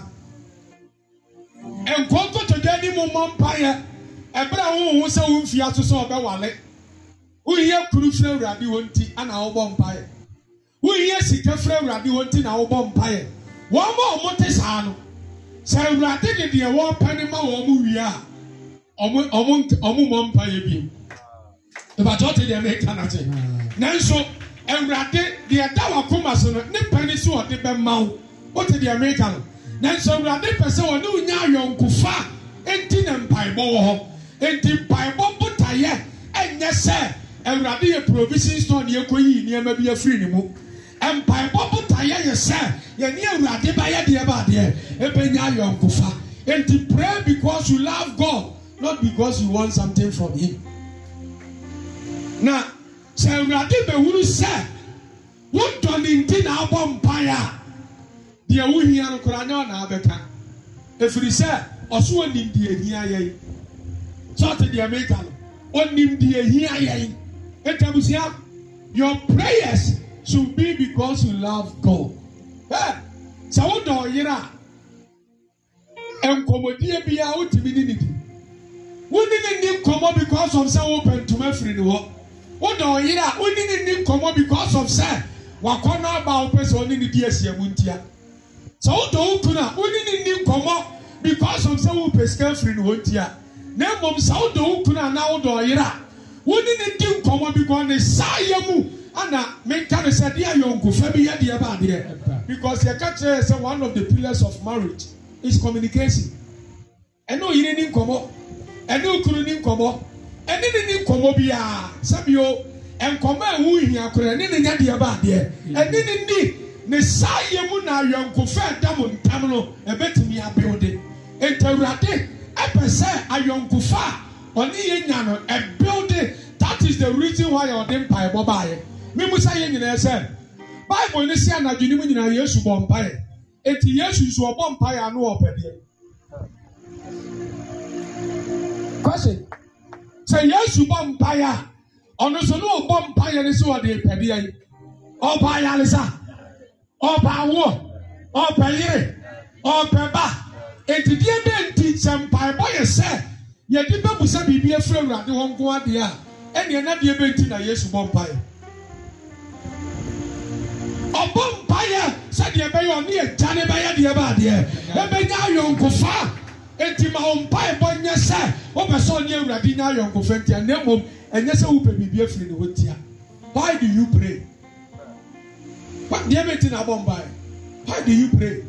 nkɔntɔtɔgya ni mu mɔ mpaeɛ ɛbɛrɛ a wohu sɛ womfie aso sɛ ɔbɛwale woyɛ kuru fira awurade wɔn ti ana wobɔ mpaeɛ woyɛ sika fira awurade wɔn ti na wɔbɔ mpaeɛ wɔn a wɔn te saa no sɛ awurade de deɛ wɔpɛ ne ma wɔn wie a wɔn wɔn wɔn mɔ mpaeɛ bi ìbàtɔ ti deɛ mɛka na kye nanso awurade deɛ da wɔ akoma so no ne pɛ ne so ɔde bɛ ma wo wote deɛ mɛka no nanso awurade pɛ sɛ wɔne wo nya ayɔnkofa enti na mpaebɔ wɔ hɔ enti mpaebɔ botaeɛ ɛnyɛ sɛ awurade yɛ provision store na yɛkɔ nneɛma bi afiri ne mu mpaebɔ botaeɛ yɛ sɛ yɛne awurade bɛyɛ deɛ baadeɛ ɛbɛnya ayɔnkofa nti pray because you love god not because you want something from him na sɛ awurade bɛhuru sɛ wotɔ ne nti na abɔ mpae a deɛ wohia no koraa nyɛ ɔnaa bɛka ɛfiri sɛ ɔso onim deɛ hia yɛn sɛ ɔte deɛ meka no onim deɛ hia yɛn ɛtabusua your prayers should be because you love God. Eh, sɛ wodɔ ɔyere a, nkɔmmɔdie biara wotumi ne ne di. Wone ne ni nkɔmmɔ because of sɛ wopɛ ntoma firi ne hɔ. Wodɔ ɔyere a, wone ne ni nkɔmmɔ because of sɛ wakɔ no aba a wopɛ sɛ wone ne di asia mu ntia. Sɛ wo kunu a, wone ne ni nkɔmmɔ because of sɛ wopɛ sika firi ne hɔ ntia. Na mmom sɛ wodɔ wo kunu a na wodɔ ɔyere a, wone ne di nkɔmmɔ because ne sa yɛ mu ana menka no sɛ deɛ ayɔnkofa bi yɛ deɛ ba adeɛ because yɛka kyerɛ sɛ one of the pillars of marriage is communication ɛne oyiri ne nkɔmɔ ɛne okuru ne nkɔmɔ ɛne ne ne nkɔmɔ biara sɛbio nkɔmɔ e a ɛwɔ hia korɔ ɛne ne nya deɛ ba adeɛ ɛne ne ni ne saa yɛ mu na ayɔnkofa ɛda mo ntam no ɛbɛtumi abeode ntɛwurade ɛpɛ e sɛ ayɔnkofa a ɔne yɛ nya no ɛbeode e that is the reason why ɔde mpaebɔ baayɛ mímu sá yẹn nyinaa sẹ báyìí ní sí anadwo ni mu nyinaa yéésù bọ mpaeɛ eti yéésù nso ɔbɔ mpaeɛ ano ɔpɛdeɛ. kwasi sɛ yéésù bɔ mpaeɛ a ɔno nso ne ɔbɔ mpaeɛ ne sɛ ɔde pɛdeɛ yi ɔbɔ ayaresa ɔbɔ awoɔ ɔbɛ yere ɔbɛ ba eti deɛ bɛ nti sɛ mpaebɔ yɛ sɛ yɛde bɛ busa biribi efiri awurade wɔn nko adeɛ a ɛnneɛ nadeɛ bɛ nti na yéésù bɔ mpaeɛ ɔbɔ mpaeɛ sɛdeɛ ɛbɛyɛ ɔne agya ne bɛyɛ deɛ ba ɛbɛnya ayɔnkofa enti ma wo mpaebɔ nyɛ sɛ wopɛ sɛ ɔne awurade nya ayɔnkofa ntia na mmom ɛnyɛ sɛ wopɛ biribi afiri ne hɔ why do you pray deɛ mɛti na abɔ mpae why do you pray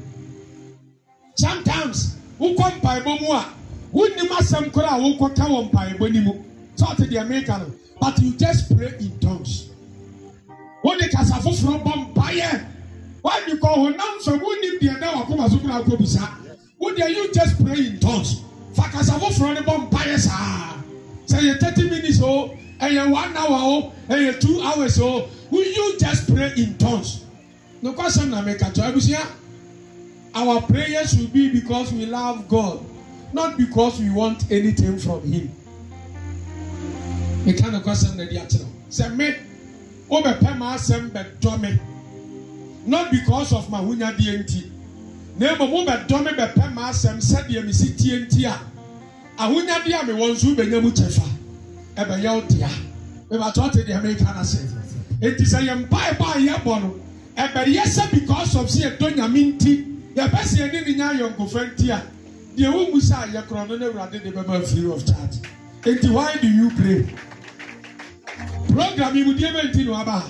sometimes wokɔ mpaebɔ mu a wonnim asɛm koraa a wokɔka wɔ mpaebɔ ni mu sɛ ɔte deɛ meka no but you just pray in tongues wode kasa foforɔ bɔ mpaeɛ wadi kɔ honam fam wonim deɛ na wakoma so kora akɔbisa wode you just pray in tongues fa kasa foforɔ ne bɔ mpaeɛ saa sɛ yɛ thirty minutes o ɛyɛ one hour o ɛyɛ two hours o will you just pray in tongues nokwasɛm na meka kyɛ abusua our prayers should be because we love god not because we want anything from him meka nokwasɛm na di akyerɛ sɛ me wobɛpɛ ma asɛm bɛdɔ me not because of mahonyadeɛ nti na mmom wobɛdɔ me bɛpɛ ma asɛm sɛdeɛ mesi tie nti a ahonyadeɛ a mewɔ nso wobɛnya mu kyɛfa ɛbɛyɛ wo dea mebatɔ te deɛ meka no sɛ enti sɛ yɛ mpaebɔ a yɛbɔ no ɛbɛyɛ sɛ because of si yɛdɔ nyame nti yɛpɛ si yɛne ne nya ayɔnkofa nti a deɛ womu sɛ ayɛ korɔ no ne awurade de bɛma free of charge enti why do you pray program yi mu deɛ bɛ nti na waba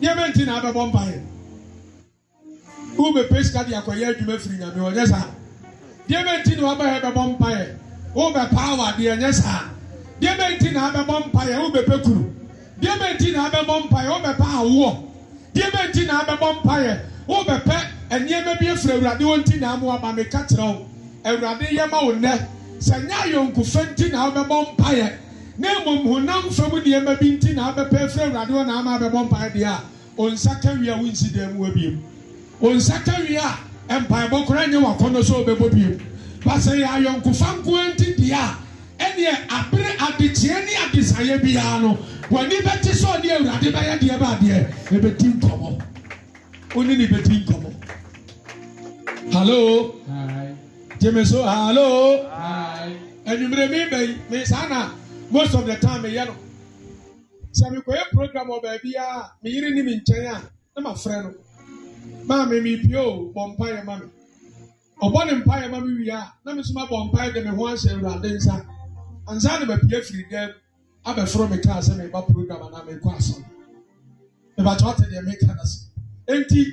deɛ bɛ nti na abɛbɔ mpaeɛ wobɛpɛ sika de akɔyɛ adwuma firi nyame ɔnyɛ saa deɛ bɛ nti na waba yɛ bɛbɔ mpaeɛ wobɛpa awa deɛ nyɛ saa deɛ bɛ nti na abɛbɔ mpaeɛ wobɛpɛ kuru deɛ bɛ nti na abɛbɔ mpaeɛ wobɛpa awoɔ deɛ bɛ nti na abɛbɔ mpaeɛ wobɛpɛ nneɛma bi afiri awurade wɔn ti na amu ama mi kakyerɛw awurade yɛ ma wo nnɛ sɛ nyɛ ayɔnkofɛ nti na abɛbɔ mpaeɛ na mmom honam fam nneɛma bi nti na abɛpɛ firi awurade hɔ na ama abɛbɔ mpae deɛ a onsa kawia wonsi dan mu abiem onsa kawia a mpaebɔ koraa nyɛ wakɔnɔ sɛ ɔbɛbɔ biem basɛ yɛ ayɔnkofa nkoa nti deɛ a ɛneɛ abere adekyeɛ ne adesaeɛ biara no w'ani bɛte sɛ ɔne awurade bɛyɛ deɛ ba adeɛ ɛbɛti nkɔmmɔ ɔne ne bɛti nkɔmmɔ hallo gyeme so hallo ɛnwummerɛ mi bɛyi me na most of the time meyɛ no sɛ mekɔyɛ program wɔ baabi a meyere ne me nkyɛn a na mafrɛ no maame mepie o bɔ mpaeɛ ma me ɔbɔ ne mpaeɛ ma me wie a na me soma bɔ mpaeɛ de me ho ahyɛ awurade nsa ansa ne mapie afiri dam abɛforo me kaa sɛ meba program anaa mekɔ aso mebatɔ ate deɛ meka no se enti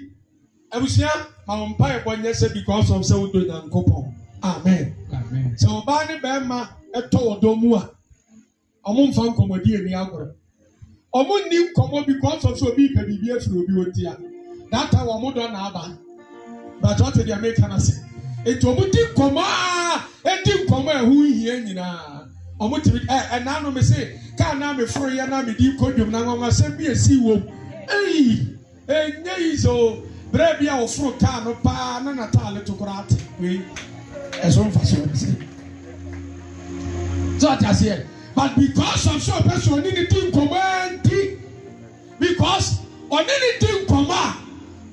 abusua ma wɔn mpaeɛ bɔ nyɛ sɛ because of sɛ wodɔ nyankopɔn amen sɛ ɔbaa ne bɛrima ɛtɔ wɔ dɔn mu a ọmụ mfa nkọmọdị ya agwụrụ ọmụ nni nkọmọ because of obi ibe bibi efiri obi oti ya that time ọmụ dọ na-aba but ọ di ya mee na etu ọmụ dị nkọmọ a edi nkọmọ ehu ihe nyinaa ọmụ tiri ẹ e, ẹ e, nanu m sị kaa naa mi furu ya naa mi di na sị esi wom eyi enye yi bere bi a kaa no paa na na but because of sure person, so ɔne ne di nkɔmɔ nti because ɔne ne di nkɔmɔ a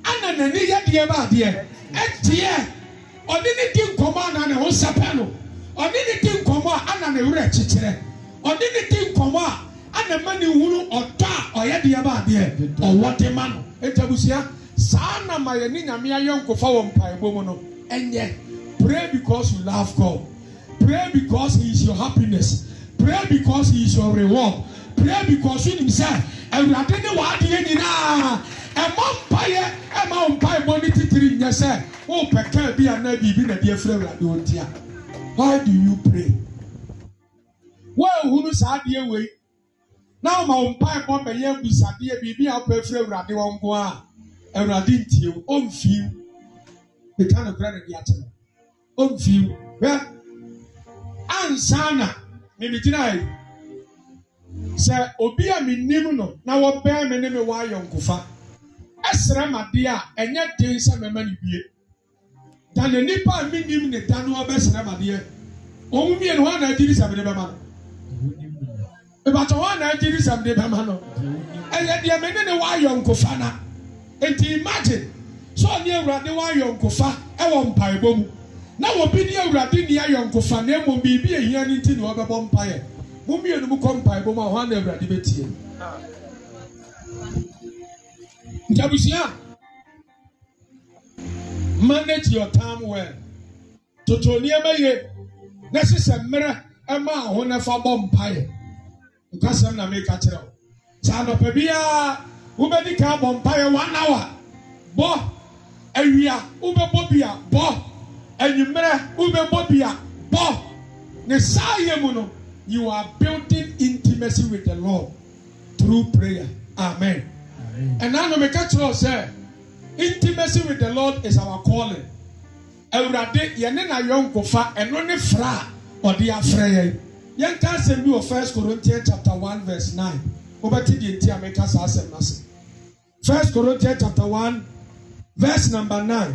ana n'ani yɛ deɛ ba adeɛ ɛteɛ ɔne ne di nkɔmɔ ana ne ho sɛpɛ no ɔne ne di nkɔmɔ a ana na werɛ kyekyerɛ ɔne ne di nkɔmɔ a ana ma ne huru ɔtɔ a ɔyɛ deɛ ba adeɛ ɔwɔ de ma no etabusia saa na ma yɛ ne nyame ayɛ nkofa wɔ mpaebɔ mu no ɛnyɛ pray because you love God pray because he is your happiness pray because he is your reward pray because he himself awurade ne w'adeɛ nyinaa ɛma mpaeɛ ɛma mpaebɔ ne titiri nyɛ sɛ wopɛ kaa bi anaa biribi na bi afiri awurade wɔntia why do you pray wɔahunu saa adeɛ wei na ɔma mpaebɔ bɛyɛ abusadeɛ biribi a wopɛ afiri awurade wɔn nko a awurade ntie wo ɔmfiw meka no korɛ ne deɛ akyerɛ ɔmfiw hwɛ ansa na mimigyina yi sɛ obi a menim no na wɔbɛn me ne me wɔ ayɔnkofa ɛsrɛ ma deɛ a ɛnyɛ den sɛ mɛma ne bie da ne nipa a menim ne da no ɔbɛsrɛ ma deɛ wɔn mmienu hɔn a na agyiri sɛ mene bɛma no ebatɔ hɔn a na agyiri sɛ mene bɛma no ɛyɛ deɛ me ne ne wɔ ayɔnkofa na nti imagine sɛ ɔne awurade wɔ ayɔnkofa ɛwɔ mpaebɔ mu na obi ni awurade ni ayɔnkofa na emu biribi ehia ne ti na ɔbɛbɔ mpaeɛ mo mmienu mu kɔ mpaeɛ bɔ mu a hɔn na awurade bɛtie ntabusua manage your time well toto nneɛma yie na sisɛ mmerɛ ɛma aho na fa bɔ mpaeɛ nkasɛm na meka kyerɛw saa anɔpɛ biara wobɛdi ka bɔ mpaeɛ one hour bɔ awia wobɛbɔ bia bɔ anwummerɛ wobɛbɔ bia bɔ ne saa yɛ mu no you are building intimacy with the lord through prayer amen ɛna no meka kyerɛ sɛ intimacy with the lord is our calling awurade yɛne na yɔnkofa ɛno ne fra a ɔde afrɛ yɛn yɛnka asɛm bi wɔ first corinthians chapter one verse nine wobɛte deɛ nti a meka saa asɛm no ase first corinthians chapter one verse number nine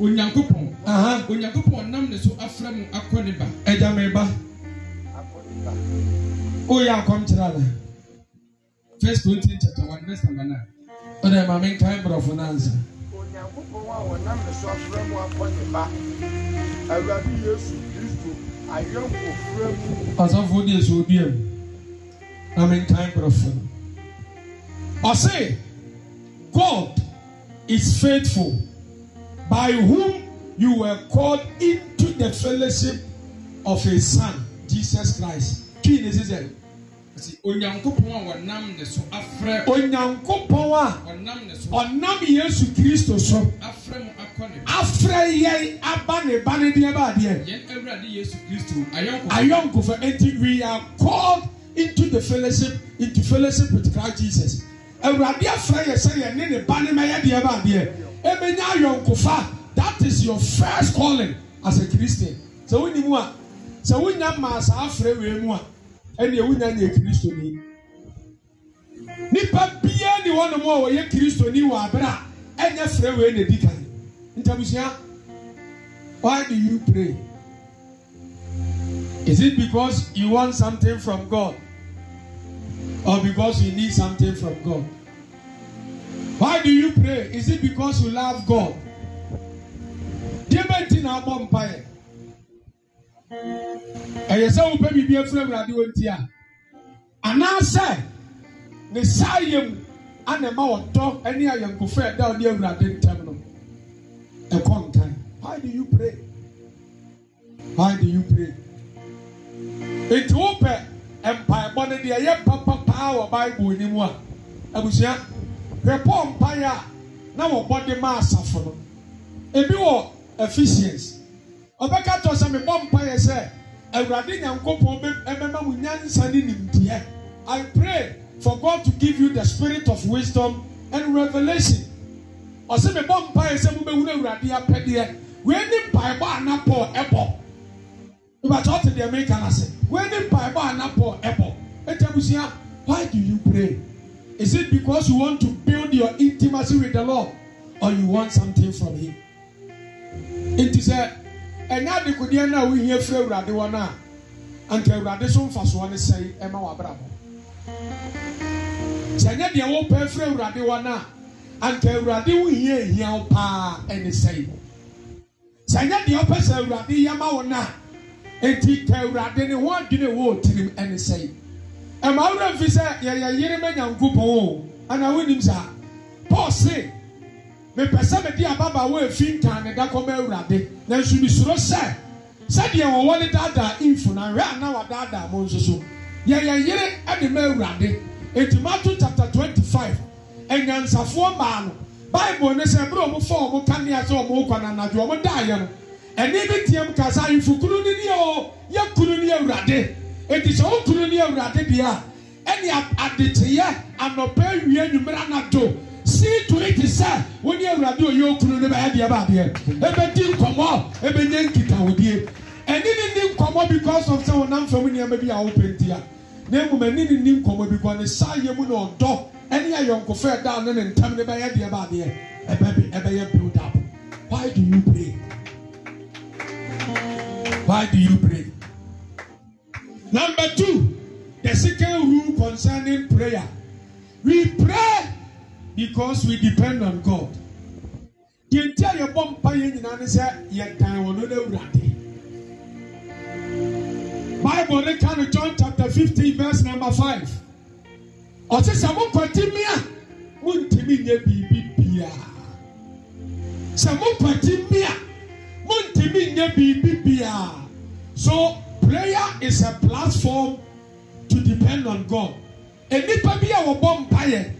onyankopɔn onyankopɔn nam ne so afra mu akɔ ne ba ɛgya me ba woyɛ akɔmkyerɛ ala first corinthians chapter one verse number nine ɔdɛ maame nkae borɔfo no ansa so afra mu akɔ ne ba awurade yesu kristo ayɔnko fura mu ɔsɔfo ne esu odua mu maame nkae borɔfo no ɔse god is faithful by whom you were called into the fellowship of his son jesus christ kí ni sísẹ. onyankopɔn a wɔnam ne so afrɛ. onyankopɔn a ɔnam ne so ɔnam yesu kristo so. afrɛ mu akɔ ne. afrɛ yɛn aba ne ba ne deɛ ba adeɛ. yɛn awurade yesu kristo ayɔnkofo. ayɔnkofo we are called into the fellowship into fellowship with christ jesus awurade afrɛ yɛ sɛ yɛn ne ba ne mɛyɛ deɛ ba adeɛ ebenya ayɔnkofa that is your first calling as a christian sɛ wonni mu a sɛ wonya maa saa afrɛ wee mu a ɛnna wonya nyɛ e kristoni nipa bia ni wɔn mu a wɔyɛ kristoni wɔ abera a ɛnyɛ wee na edi kan ntabusua why do you pray is it because you want something from god or because you need something from god. Why do you pray? Is it because you love God? Dèbè ntì na abọ mpa yẹ. Ẹyẹ sẹ́ wọ́n pẹ́ bìbí efura Awurade wọ́n ti a. Anaasẹ ne saa yẹ mu a na ẹma ọtọ ẹni ayọnkofa ẹda ọdi Awurade ntẹm no. Ẹkọ nkan. Why do you pray? Why do you pray? Ètò wọ́n pẹ̀ mpa ẹ̀bọ ni deɛ ɛyɛ papa paa wɔ Bible ni mu a. Abusua bɛbɔ mpaeɛ a na wɔbɔ de ma asafo no ebi wɔ Ephesians ɔbɛka tɔ sɛ mebɔ mpaeɛ sɛ awurade nyankopɔn ɛbɛma mo nyansa ne nimdeɛ I pray for God to give you the spirit of wisdom and revelation ɔsɛ mebɔ mpaeɛ sɛ mobɛhunu awurade apɛdeɛ wei ne mpaebɔ anapɔ ɛbɔ ìbàtà ɔte deɛ meka na sɛ wei ne mpaebɔ anapɔ ɛbɔ ɛtɛ busua why do you pray? Is it because you want to build your intimacy with the Lord or you want something from Him? Nti sɛ ɛnyɛ adekodeɛ no a wohia firi awurade wɔ no a anka awurade so mfasoɔ ne sɛe ɛma w'abrabɔ sɛ ɛnyɛ deɛ wopɛ firi awurade wɔ no a anka awurade wohia ehia wo paa ɛne sɛe sɛ ɛnyɛ deɛ wopɛ sɛ awurade yɛ wo no a enti ka awurade ne ho adwene wɔ tirim ɛne sɛe ɛma wo dɛmfi sɛ yɛyɛ yere ma nyankopɔn o anaa wonim saa paul se mepɛ sɛ mede ababaawa afi ntaa ne da kɔma awurade nanso misuro sɛ sɛdeɛ daadaa info na nhwɛ ana wadaadaa mo nso so yɛyɛ yere de ma awurade enti matthew chapter 25 anyansafoɔ no ne sɛ ɔmo kanea sɛ ɔmo kɔ ɔmo no ɛne bi o eti sɛ wotumi ne awurade bia ɛne adeteyɛ anɔpɛ wie nwumera nado see to it sɛ wo ne awurade oyɛ okunu ne bɛyɛ deɛ baadeɛ ɛbɛdi nkɔmmɔ ɛbɛnya nkitawodie ɛne ne ni nkɔmmɔ because of sɛ wonam fam nneɛma bi a wopɛ nti a na mmom ɛne ne ni nkɔmmɔ because kɔ ne saa yɛ mu na ɔdɔ ɛne ayɔnkofo ɛda ne ne ntam ne bɛyɛ deɛ baadeɛ ɛbɛbi ɛbɛyɛ build up why do you pray why do you pray Number two, the second rule concerning prayer. We pray because we depend on God. Yɛnti a yɛbɔ mpa yɛn nyinaa ne sɛ yɛtan wɔn no n'ewurade. Bible ne ka no John chapter fifteen verse number five. Ɔsi sɛ mo kɔti mi a mo ntumi nye biribi biara. Sɛ mo kɔti mi a mo So prayer is a platform to depend on God enipa bi a wɔbɔ mpaeɛ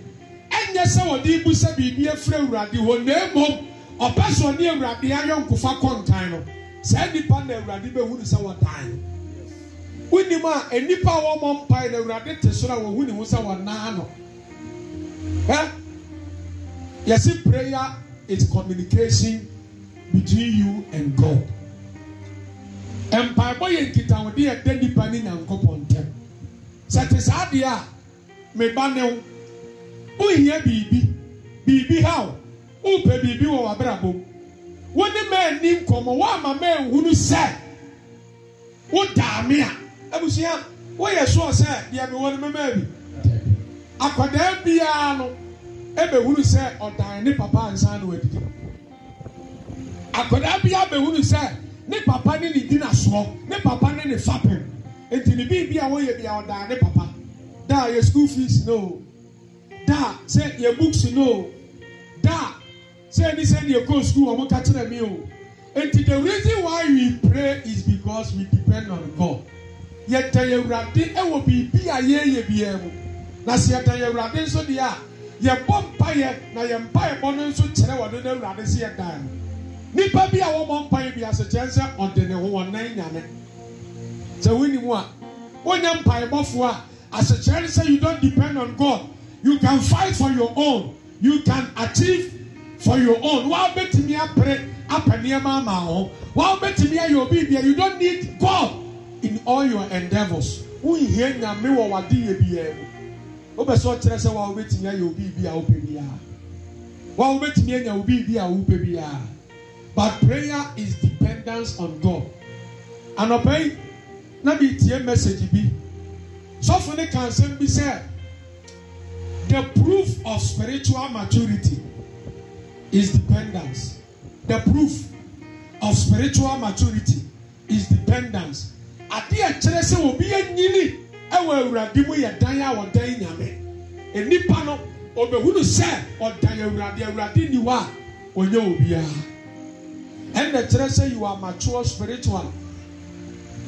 ɛnyɛ sɛ wɔde ibu sɛ biribi efiri awurade hɔ na emom ɔpɛ sɛ ɔne awurade ayɔ nkofa kɔntan no saa nipa na awurade bɛhu ne sɛ wɔtan wonim a enipa a wɔbɔ mpaeɛ na awurade te soro a wɔhu ne ho sɛ wɔnan no ɛ yɛsi prayer is communication between you and God mpaebɔ yɛ nkitahodeɛ ɛda nipa ne nyankopɔn ntɛm sɛ te saa deɛ a meba ne wo wohia biribi biribi haw wopɛ biribi wɔ w'abrabɔ wo ne ma ani nkɔmmɔ woama ma nhunu sɛ wodaa me a abusua woyɛ soɔ sɛ deɛ mewɔ no mɛma bi akwadaa biara no ɛbɛhunu sɛ ɔdan ne papa ansa na wadidi akwadaa biara bɛhunu sɛ ne papa ne ne di nasoɔ ne papa ne ne fapem nti ne bi a wɔyɛ bi a ɔdaa ne papa daa yɛ school fees no daa sɛ yɛ books no daa sɛ ni sɛ deɛ go school wɔn ka kyerɛ mi o nti the reason why we pray is because we depend on God yɛtɛ yɛwurade ɛwɔ biribi a yɛyɛ biara mu na sɛ yɛtɛ yɛwurade nso deɛ a yɛbɔ mpaeɛ na yɛn mpaeɛ bɔ no nso kyerɛ wɔn no na yɛwurade si yɛ dan no nipa bi a wɔn mpae bi ase kyɛn sɛ ɔde ne ho wɔn nan nyame sɛ wɔn mu a wɔnyɛ mpaebɔfoɔ a ase kyɛn sɛ you don depend on God you can fight for your own you can achieve for your own wɔn abɛtumi apere apɛ nneɛma ama ho wɔn abɛtumi ayɛ obi bi a you don need God in all your endeavours wɔn hie nyame wɔ wɔn bi biara mu wobɛ sɛ ɔkyerɛ sɛ wɔn abɛtumi ayɛ obi bi a wɔpɛ biara wɔn abɛtumi anya obi bi a wɔpɛ a? But prayer is dependence on God. Anɔpɛ yi, na mi tie message bi. Sɔfo ne kan sɛm bi sɛ, the proof of spiritual maturity is dependence. The proof of spiritual maturity is dependence. Ade a kyerɛ sɛ obi anyini ɛwɔ awurade mu yɛ dan a wɔdan nyame. Enipa no, obehunu sɛ ɔdan awurade awurade wa onye obiara ɛna kyerɛ sɛ you are mature spiritually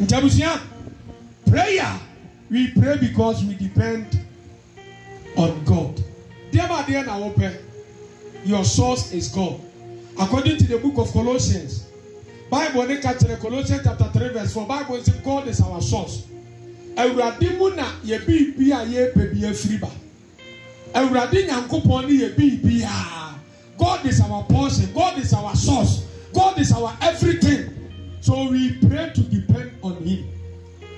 ntabusua prayer we pray because we depend on God deɛ ba deɛ na wɔpɛ your source is God according to the book of Colossians bible ne ka kyerɛ Colossians chapter three verse four bible say God is our source awurade mu na yɛ biribi a yɛrepɛ bi afiri ba awurade nyankopɔn ne yɛ biribi a God is our portion God is our source. God is our everything. So we pray to depend on Him.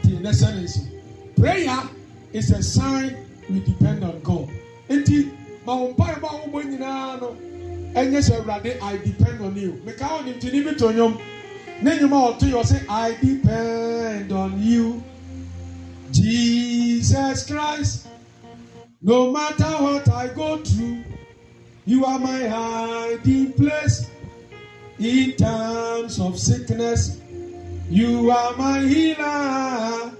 The necessary prayer is a sign we depend on God. Nti ma wo mpa ɛbɔ ahobɔ nyinaa no ɛnyɛ sɛ awurade I depend on you. Mika wɔn nimtini bi to nnwom ne nnwuma ɔto yɛ I depend on you. Jesus Christ, no matter what I go through, you are my hiding place. in times of sickness. You are my healer.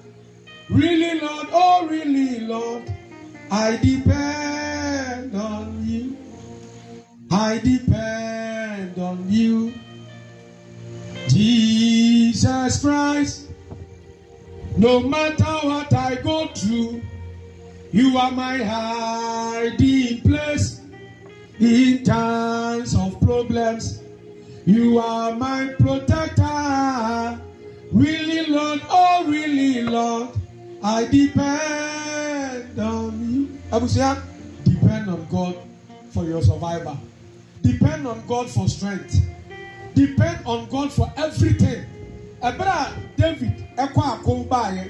Really, Lord, oh, really, Lord, I depend on you. I depend on you. Jesus Christ, no matter what I go through, you are my hiding place in times of problems. You are my protector. Really, Lord, oh, really, Lord, I depend on you. Abusia, depend on God for your survival. Depend on God for strength. Depend on God for everything. Ebra eh, David, Ekwa eh, Akumbaye,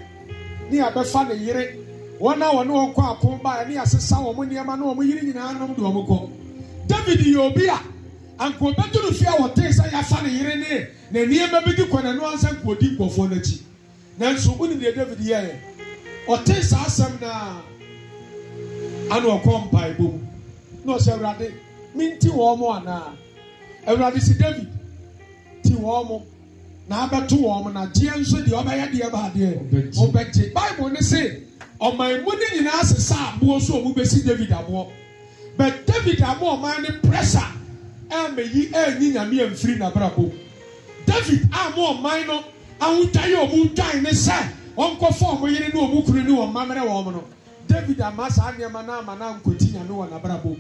ni abefa ne yere. Wana wano okwa Akumbaye, ni asesa wamu niyama no wamu yiri ni anum duwamuko. David yobi a. anka obɛduru fie a wɔtee sɛ yɛafa ne yere ne na nneɛma bi di kɔnɛno ansa nkɔdi nkɔfoɔ no akyi nanso deɛ david yɛɛ saa asɛm A ana ɔkɔ na ɔsɛ awurade menti wɔn mo anaa awurade si david ti wɔn mo na abɛto wɔn na deɛ nso deɛ ɔbɛyɛ deɛ baadeɛ ɔbɛgye bible ne se ɔman mu ne nyinaa sesa aboɔ so a ɔmo bɛsi david aboɔ but david aboɔ ɔman ne pressure. ɛmɛyi ɛnyi nyame ɛnfiri n'abrabɔ david a mo ɔman no ahotwa yi ɔmo dwan ne sɛ ɔnkɔfɔ ɔmo yere ne ɔmo kunu ne wɔn mamrɛ wɔn no david ama saa nneɛma na ama na nkoti nyame wɔ n'abrabɔ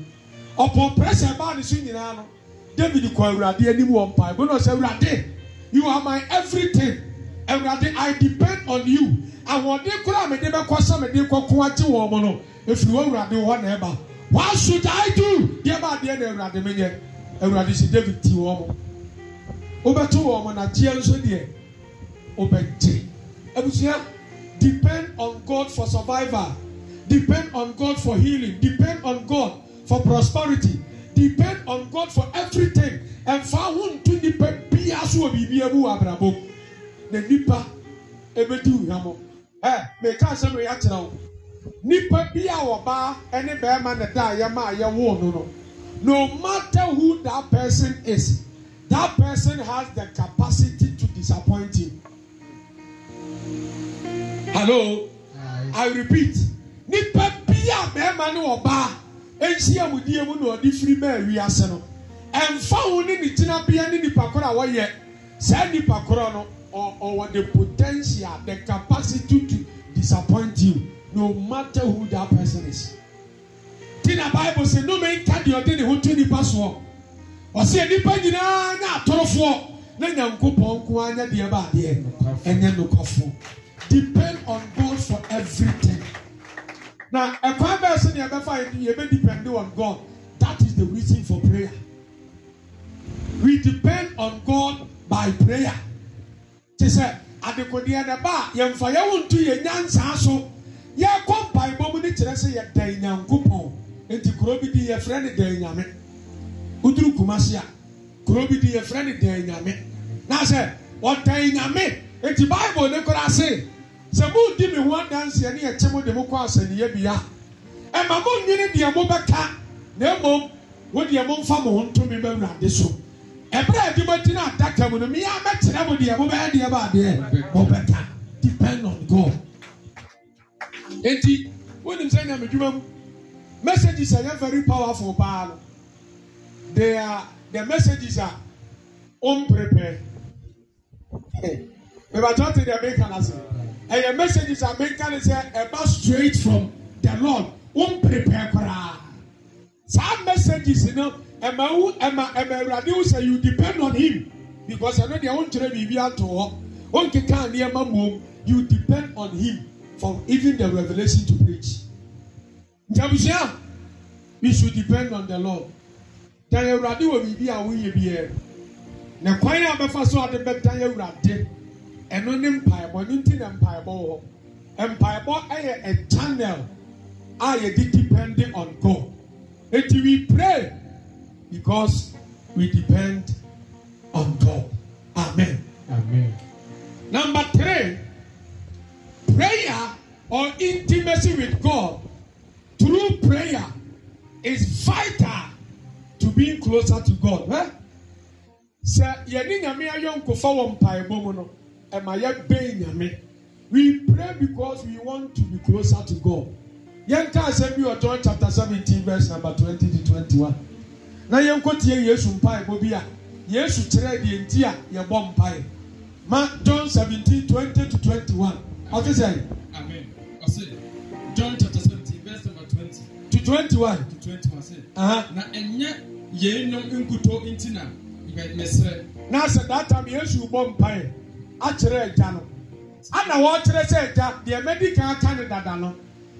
ɔpɔ pɛrɛsɛ baa ne so nyinaa no david kɔ awurade anim wɔ na ɔsɛ awurade you are my everything awurade i depend on you ahoɔden a mede bɛkɔ sɛ mede wɔn no efiri awurade na ɛba wɔn awurade sɛ david ti wɔn mo wobɛto wɔn mo n'ateɛ nso deɛ wobɛgye abusua depend on god for survival depend on god for healing depend on god for prosperity depend on god for everything ɛnfa ho nto nipa bia so wɔ biribi amu wɔ abrabɔ na nipa ebedi nhamɔ ɛ mɛka asɛm yɛ akyerɛ wo nipa bia wɔ baa ɛne bɛrima na da a yɛma a yɛwɔ no no. No matter who that person is, that person has the capacity to disappoint him. Hello? Hi. I repeat. Nipa bia mmarima ne ɔbaa ehyia mu die mu na ɔde firi bɛɛ wiase no. Ɛnfa ho ne ne tenabea ne nipa korɔ a wɔyɛ. Saa nipa korɔ no ɔwɔ the potential the capacity to disappoint you no matter who that person is nti na bible sɛ nnome nka deɛ ɔde ne ho to nipa soɔ ɔsɛ nipa nyinaa nyɛ atorofoɔ na nyankopɔn nko ara nyɛ deɛ ba adeɛ ɛnyɛ nokwafo depend on God for everything na ɛkwan bɛɛ so deɛ ɛbɛfa yɛbɛ depend on God that is the reason for prayer we depend on God by prayer te sɛ adekodeɛ na ba yɛmfa yɛwo nto yɛ nyansa so yɛkɔ mpaebɔ mu ne kyerɛ sɛ yɛda nyankopɔn nti kuro bi di yɛfrɛ ne dan nyame woduru kumasi a kuro bi di yɛfrɛ ne dan nyame na sɛ nyame nti bible ne kora se sɛ mundi me ho adanseɛ ne yɛkye mo de mo kɔ asɛnniya bia ɛma mo nwene deɛ mo bɛka na mmom wo deɛ mo mfa mo ho ntome ma awurade so ɛberɛ a de moagyina adaka mu no mea mɛkyerɛ mo deɛ mobɛyɛ deɛ baadeɛ mobɛka depend on god enti wonim sɛ nyamedwuma mu messages ɛyɛ very powerful paa no they are the messages are unprepared mɛbàtɔ ti deɛ mɛka na se ɛyɛ messages a mɛka ne sɛ ɛba straight from the lord unprepared koraa saa messages no ɛma wu ɛma ɛma awurade wu sɛ you depend on him because ɛno deɛ ɔntwerɛ biribi ato hɔ ɔnkeka nneɛma mom you depend on him for even the revolution to preach. ntabusia we should depend on the lord dan awurade wɔ biribi a woyɛ biara na kwan a bɛfa so ade bɛdan awurade ɛno ne mpaebɔ no nti na mpaebɔ wɔ hɔ mpaebɔ yɛ a channel a yɛde depending on god eti we pray because we depend on god amen. amen. number three prayer or intimacy with god. Through prayer, is vital to being closer to God. Eh? Sɛ yɛne nyame ayɔ nkofa wɔ mpaebɔ mu no, We pray because we want to be closer to God. Yɛnka asɛm bi wɔ John chapter seventeen verse number twenty to twenty-one. Na yɛnkotie Yesu mpaebɔ bi a Yesu kyerɛ deɛ nti a yɛbɔ mpae. Ma John seventeen twenty to twenty-one. Ɔte sɛ. Amen. Ɔse John 21 uh-huh. na ɛnyɛ yeinom nkutɔ nti na mesrɛ na sɛ that time yesu bɔ mpaeɛ akyerɛ agya no ana wɔkyerɛ sɛ agya deɛ madi ka aka ne dada no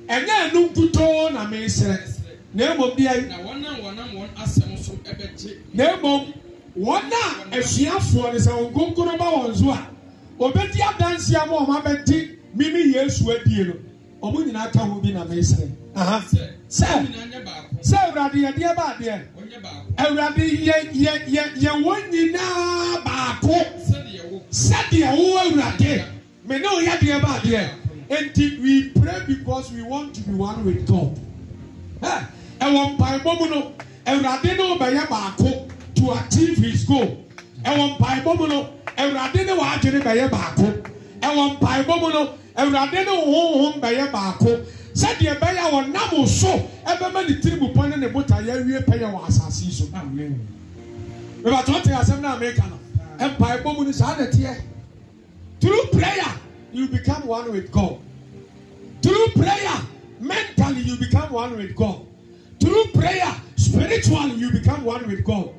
ɛnyɛ ɛnu nkutɔ na mesrɛ na mmom deɛ na mmom wɔn a asuafoɔ no sɛ wɔn ba wɔn so a obedi adansi ama wɔn abɛgye mimi yesu adie no ɔmo nyinaa ka ho bi na mesere sɛ sɛ awurade yɛ deɛ baadeɛ awurade yɛ yɛ yɛ yɛ wɔn nyinaa baako sɛdeɛ wo awurade me ne oyɛ deɛ baadeɛ nti we pray because we want to be one with God ɛwɔ mpaebɔ mu no awurade ne ɔbɛyɛ baako to achieve his goal ɛwɔ mpaebɔ mu no awurade ne wɔadwene bɛyɛ baako ɛwɔ mpaebɔ mu no awurade ne honhom bɛyɛ baako sɛdeɛ ɛbɛyɛ a wɔnam so ɛbɛma ne tirim pɔ ne ne bota yɛawie pɛyɛ wɔ asase yi so mebatɔ te asɛm no ameka no ɛmpaebɔ mu no saa na ɛteɛ through prayer you become one with god through prayer mentally you become one with god through prayer spiritually you become one with god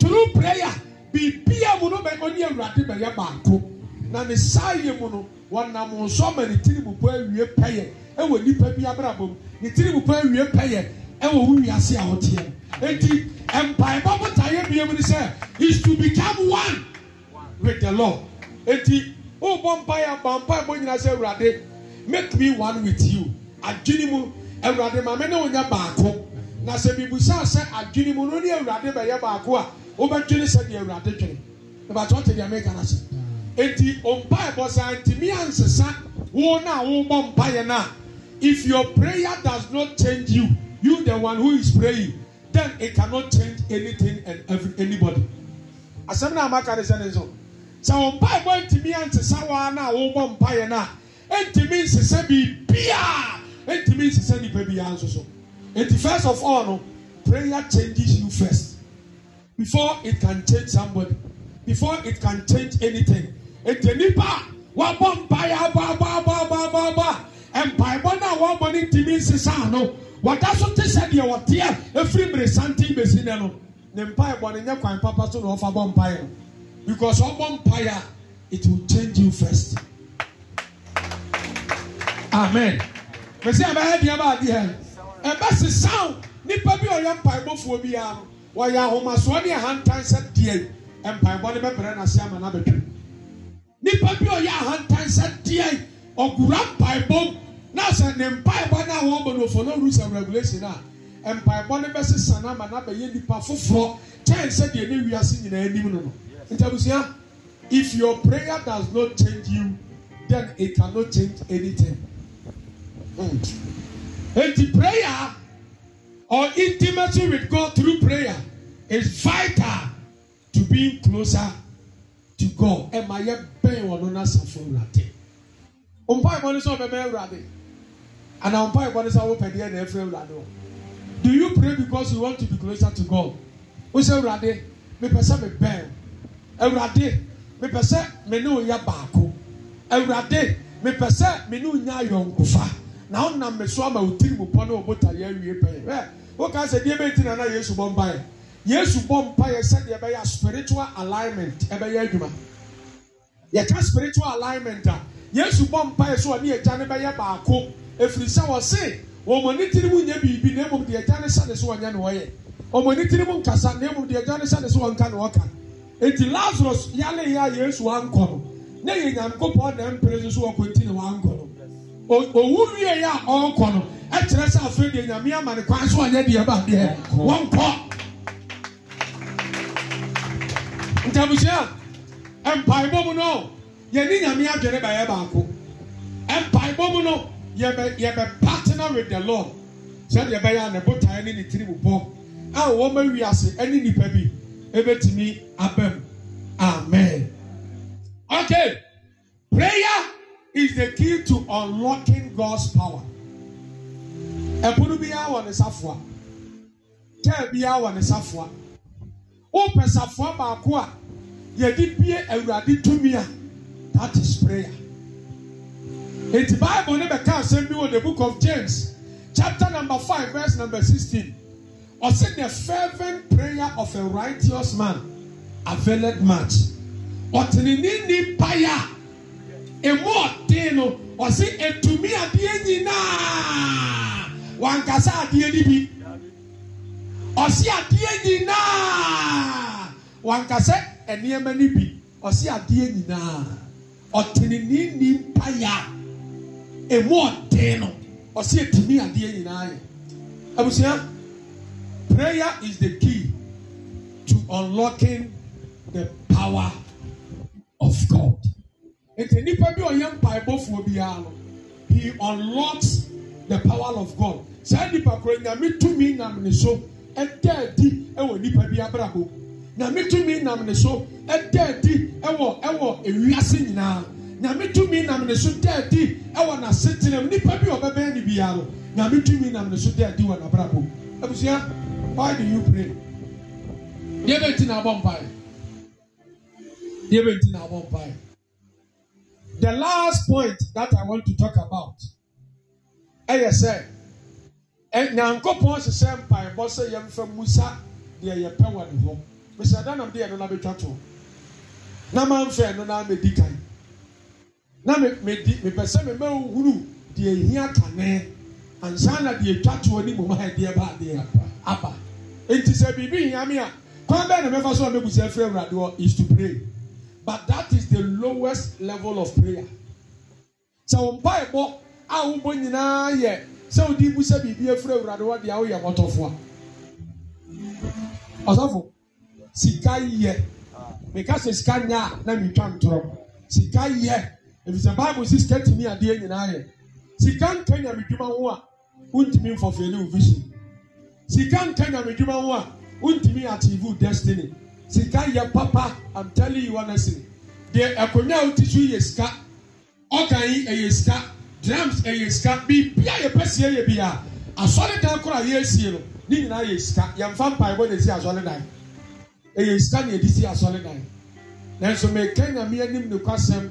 through prayer biribiaa mu no bɛ ɔne awurade bɛyɛ baako na ne saa yɛ mu no wɔnam nsɔma ne tiri mu pɔ awie pɛyɛ ɛwɔ nipa bi abrabɔ mu ne tiri mu pɔ awie pɛyɛ ɛwɔ wo wiase a wɔteɛ eti mpaebɔ botaeɛ bia mu ne sɛ is to become one with the lord eti wobɔ mpaeɛ aba mpaebɔ nyinaa sɛ awurade make me one with you adwene mu awurade maame ne wonya baako na sɛ bibusa sɛ adwene mu no ne awurade bɛyɛ baako a wobɛdwene sɛdeɛ awurade dwene na bàtɛ ɔte deɛ mɛka na sɛ eti mpaebɔ saa ntumi ansesa wɔn a wɔbɔ mpaeɛ na if your prayer does not change you you the one who is praying then it cannot change anything and every anybody asɛm na amaka de sɛ ne nso sɛ wɔn mpaebɔ ntumi ansesa wɔn a wɔbɔ mpaeɛ na ntumi nsesa biribia ntumi nsesa nipa biara nso so eti first of all no prayer changes you first before it can change somebody before it can change anything nti nipa wabɔ mpaeɛ abɔ abɔ abɔ abɔ abɔ abɔ a mpaebɔ no a wɔbɔ no ntumi nsesa ano wɔda so te sɛ deɛ wɔteɛ efiri mmiri santen besi ne no ne mpaebɔ no nyɛ kwan papa so na wɔfa bɔ mpaeɛ no because wɔbɔ mpaeɛ a it will change you first amen bɛsi ɛbɛyɛ deɛ baa deɛ ɛbɛsesaw nipa bi ɔyɛ mpaebɔfoɔ biara wɔyɛ ahomasoɔ ne ɛhantan sɛ deɛ mpaebɔ no bɛbrɛ n'ase ama n'abɛtwam nipa bi a ɔyɛ ahantan sɛ deɛ ɔgura mpaebɔ na sɛ ne mpaebɔ na wɔn bɔ no follow rules and regulations a mpaebɔ no bɛ sisan na ma na bɛyɛ nipa foforɔ kyɛn sɛ deɛ ne wiase nyinaa anim no no ntabusua if your prayer does not change you then it cannot change anything eti hmm. mm. prayer or intimacy with God through prayer is vital to being closer to God ẹ máa yẹ bẹ́ẹ̀ wọn lọ́nà sàfún ìwúrọ̀dẹ. Mpa ìbọn ní sọ bẹ́ẹ̀ bẹ́ẹ̀ ìwúrọ̀dẹ. And now mpa ìbọn ní sọ wọ́n pẹ̀lú ẹ̀ náà ẹ̀fẹ̀ ìwúrọ̀dẹ Do you pray because you want to be closer to God? Ó sẹ́ ìwúrọ̀dẹ mi pẹ̀ sẹ́ mi bẹ́ẹ̀ o. Ìwúrọ̀dẹ mi pẹ̀ sẹ́ mi ní òun yẹ baako. Ìwúrọ̀dẹ mi pẹ̀ sẹ́ mi ní òun yẹ ayọ̀nkofa. Na ọ̀nà mi sọ ama òtí mi pọ́ ní òbótà yẹ wíyẹ pẹ̀lú. Wọ́n kà á sẹ́ díẹ̀ bẹ́ẹ̀ ti nà náà Yéṣu bọ́ mbà yẹn yesu bɔ mpa yɛ sɛdeɛ ɛbɛyɛ spiritual alignment ɛbɛyɛ adwuma yɛka spiritual alignment a yesu bɔ mpa yɛ so ɔne yɛgya ne bɛyɛ baako efiri sɛ wɔse wɔn ani tiri mu nyɛ biribi na emom deɛ gya ne sɛ ne so ɔnyɛ ne wɔyɛ wɔn ani tiri mu nkasa na emom deɛ gya ne sɛ so ɔnka ne wɔka eti lazarus yale yɛ a yesu ankɔ no ne yɛ nyankopɔn na mpere so wɔkɔ nti ne wankɔ no owu wie yɛ a ɔnkɔ no ɛkyerɛ sɛ afei deɛ nyame ama ne kwan so ɔnyɛ deɛ ba deɛ wɔnkɔ ntabuhyia mpaebɔ mu no yɛne nyame adwene bɛyɛ baako mpaebɔ mu no yɛbɛ yɛbɛ partner with the lord sɛdeɛ ɛbɛyɛ a ne botae ne ne tirim bɔ a wɔn awi ase ne nipa bi ebetumi abam amen okay prayer is the key to unlocking god's power ɛpono biara wɔ ne safoa kaa biara wɔ ne safoa wopɛ baako a yɛde bie awurade tumi a that is prayer eti bible ne bɛka asɛm bi wɔ the book of james chapter number five verse number sixteen ɔsi the fervent prayer of a righteous man availeth much ɔtɛnɛni ni paya emu ɔtɛn no ɔsi etumi adeɛ nyinaa wankasa adeɛ ni bi ɔsi adeɛ nyinaa wankasɛ nneɛma ni bi ɔsi adeɛ nyinaa ɔteneni ni mpaya emu ɔten no ɔsi etumi adeɛ nyinaa yɛ abusua prayer is the key to unlocking the power of God nti nipa bi ɔyɛ mpaebɔfoɔ biara no he unlocks the power of God saa nipa koro nyame tumi nam ne so ɛda adi ɛwɔ nipa bi abrabɔ nyame tumi nam ne so ɛda adi ɛwɔ ɛwɔ ewiase nyinaa nyame tumi nam ne so da adi ɛwɔ n'asetena mu nipa bi ɔbɛbɛn ne biara no nyame tumi nam ne so da adi wɔ n'abrabɔ abusua why do you pray deɛ bɛ ti na abɔ mpae deɛ bɛ ti na abɔ mpae the last point that i want to talk about ɛyɛ sɛ. Eh, nyankopɔn hyehyɛ mpaebɔ sɛ yɛmfa musa deɛ yɛpɛ wɔ ne hɔ mehyɛ da nam de yɛno na bɛtwa to na mamfa ɛno na mɛdi kan na mepɛ sɛ memɛhunu deɛ hia kane ansa na deɛ twa toɔ ne mmom ɛdeɛ ba adeɛ aba enti sɛ biribi hia me a kwan bɛɛ na mɛfa so a mɛbusa afiri awurade hɔ is to pray but that is the lowest level of prayer sɛ wo mpaebɔ a wobɔ nyinaa yɛ sɛ wodi bu sɛ biribi afiri awurade wɔ deɛ woyɛ bɔtɔfoa ɔsɔfo sika yɛ meka sɛ sika nya a na metwa ntorɔ sika yɛ efisɛ baabu si sika tumi adeɛ nyinaa yɛ sika nka nyamedwuma ho a wontumi nfɔfɛli wo vision sika nka nyamedwuma ho a wontumi achieve destiny sika yɛ papa i'm telling you honestly deɛ akonnwa a wotu so yɛ sika ɔkan yi ɛyɛ sika drums ɛyɛ eh, sika biribi a yɛpɛ sie yɛ bi a asɔredan koro a yɛresie no ne nyinaa yɛ sika yɛnfa mpaebɔ na esi asɔredan ɛyɛ eh, sika na yɛde si asɔredan nanso mɛka nyame anim ne kwasɛm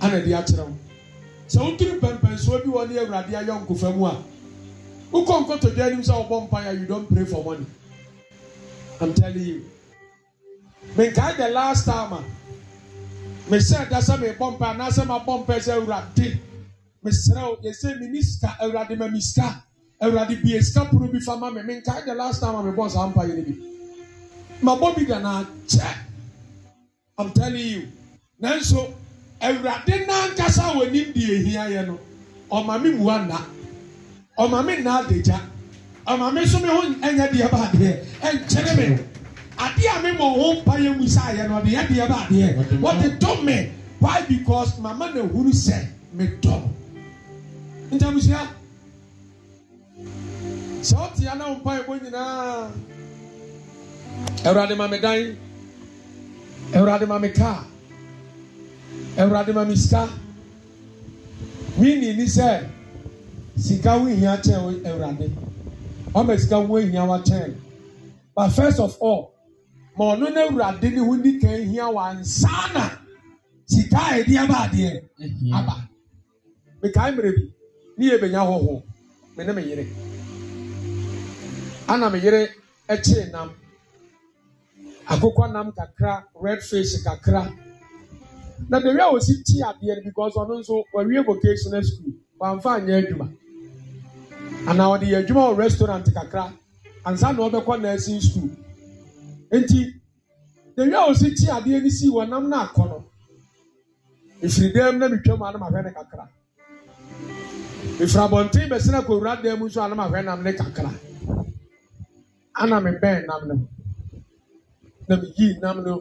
ana ɛde akyerɛ wo sɛ woturu pɛmpɛnsoɔ bi wɔ ne awurade ayɔ nkofa mu a wokɔ nkotodwa anim sɛ wobɔ mpaeɛ you don't pray for money i'm telling you menkae the last time a mesɛ da sɛ mebɔ mpaeɛ anaasɛ mabɔ mpaeɛ sɛ awurade mesrɛ wo yɛsɛ mini sika awurade ma mi sika awurade bie sika pono bi fa ma me menkae the last time a mebɔ saa mpa yere bi mabɔ bi da naa i'm telling you nanso awurade nankasa wɔ anim de ehia yɛ no ɔma me mua nna ɔma me nna adagya ɔma me nso me ho nyɛ deɛ ba adeɛ ɛnkyɛnɛ me adeɛ a me ma ɔho mpa yɛ mu sa yɛ no ɔde yɛ deɛ ba adeɛ wɔde dɔ me why because mama na ehuru sɛ me dɔ mo ntamusua sɛ wote ana wo mpa ɛbɔ nyinaa awurade ma me dan awurade ma me kaa awurade ma me sika menni ni sɛ sika wohia kyɛn awurade ɔma sika woahia wakyɛn but first of all ma ɔno no awurade ne ho ni kan hia wansa na sika a ɛde aba adeɛ aba mekae mmerɛ bi ne yɛ bɛnya hɔho me ne me yere ana me yere kyee nam akokɔ nam kakra red fish kakra na the way a wɔsi ti adeɛ no because ɔno nso wɔawie vocational school wɔamfa anyɛ adwuma ana ɔde yɛ adwuma wɔ restaurant kakra ansa na ɔbɛkɔ nursing school nti the way a wɔsi ti adeɛ no si wɔnam na akɔ no ɛfiri dɛm na metwam a no mahwɛ ne kakra mefiri abɔnten bɛsena kɔwura dan mu nso anam ahwɛ nam ne kakra nam no na meyii nam no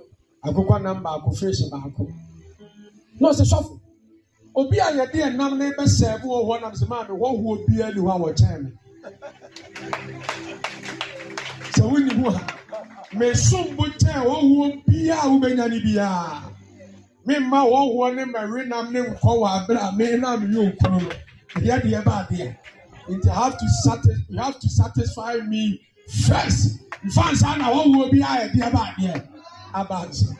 akokɔ nam baako fresh baako na sɔfo obi a yɛde ɛnam no bɛsɛɛ bi wɔ hɔ nam sɛ maa mi hɔ a wɔkyɛn sɛ ha kyɛn a ma ne nam ne nkɔ wɔ deɛ deɛ ba adeɛ nti i have to satis you have to satisfy me first nfa nsa na bi a deɛ ba adeɛ aba nsa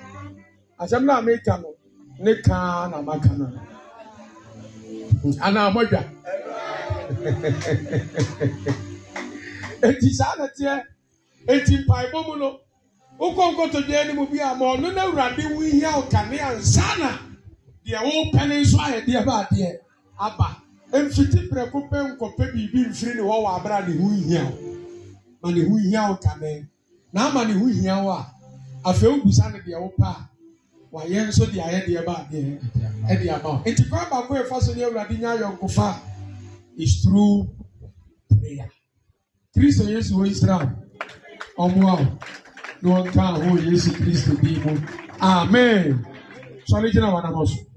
asɛm naa mi ka no ne kaa na ma ka no anaa mo dwa eti saa na teɛ eti mpaebɔ mu no wokɔ nkotodwe anim bi a ma ɔno na awurade wo hia ɔkanea nsa na deɛ wɔpɛ ne nso ayɛ deɛ ba adeɛ aba mfiti prɛko pɛ nkɔpɛ biribi mfiri ne hɔ wɔ abera ne ho hia wo ma ne ho hia wo kame na ama ne ho hia wo a afei wobusa ne deɛ wopɛ a wayɛ nso de ayɛ deɛ ba adeɛ ɛde ama wo nti kwan baako yɛfa so ne awurade nya ayɔnkofa is through prayer kristo yesu wɔ israel ɔmoa wo na wɔnka ho yesu kristo bi mu amen sɔre gyina wɔn anamɔ so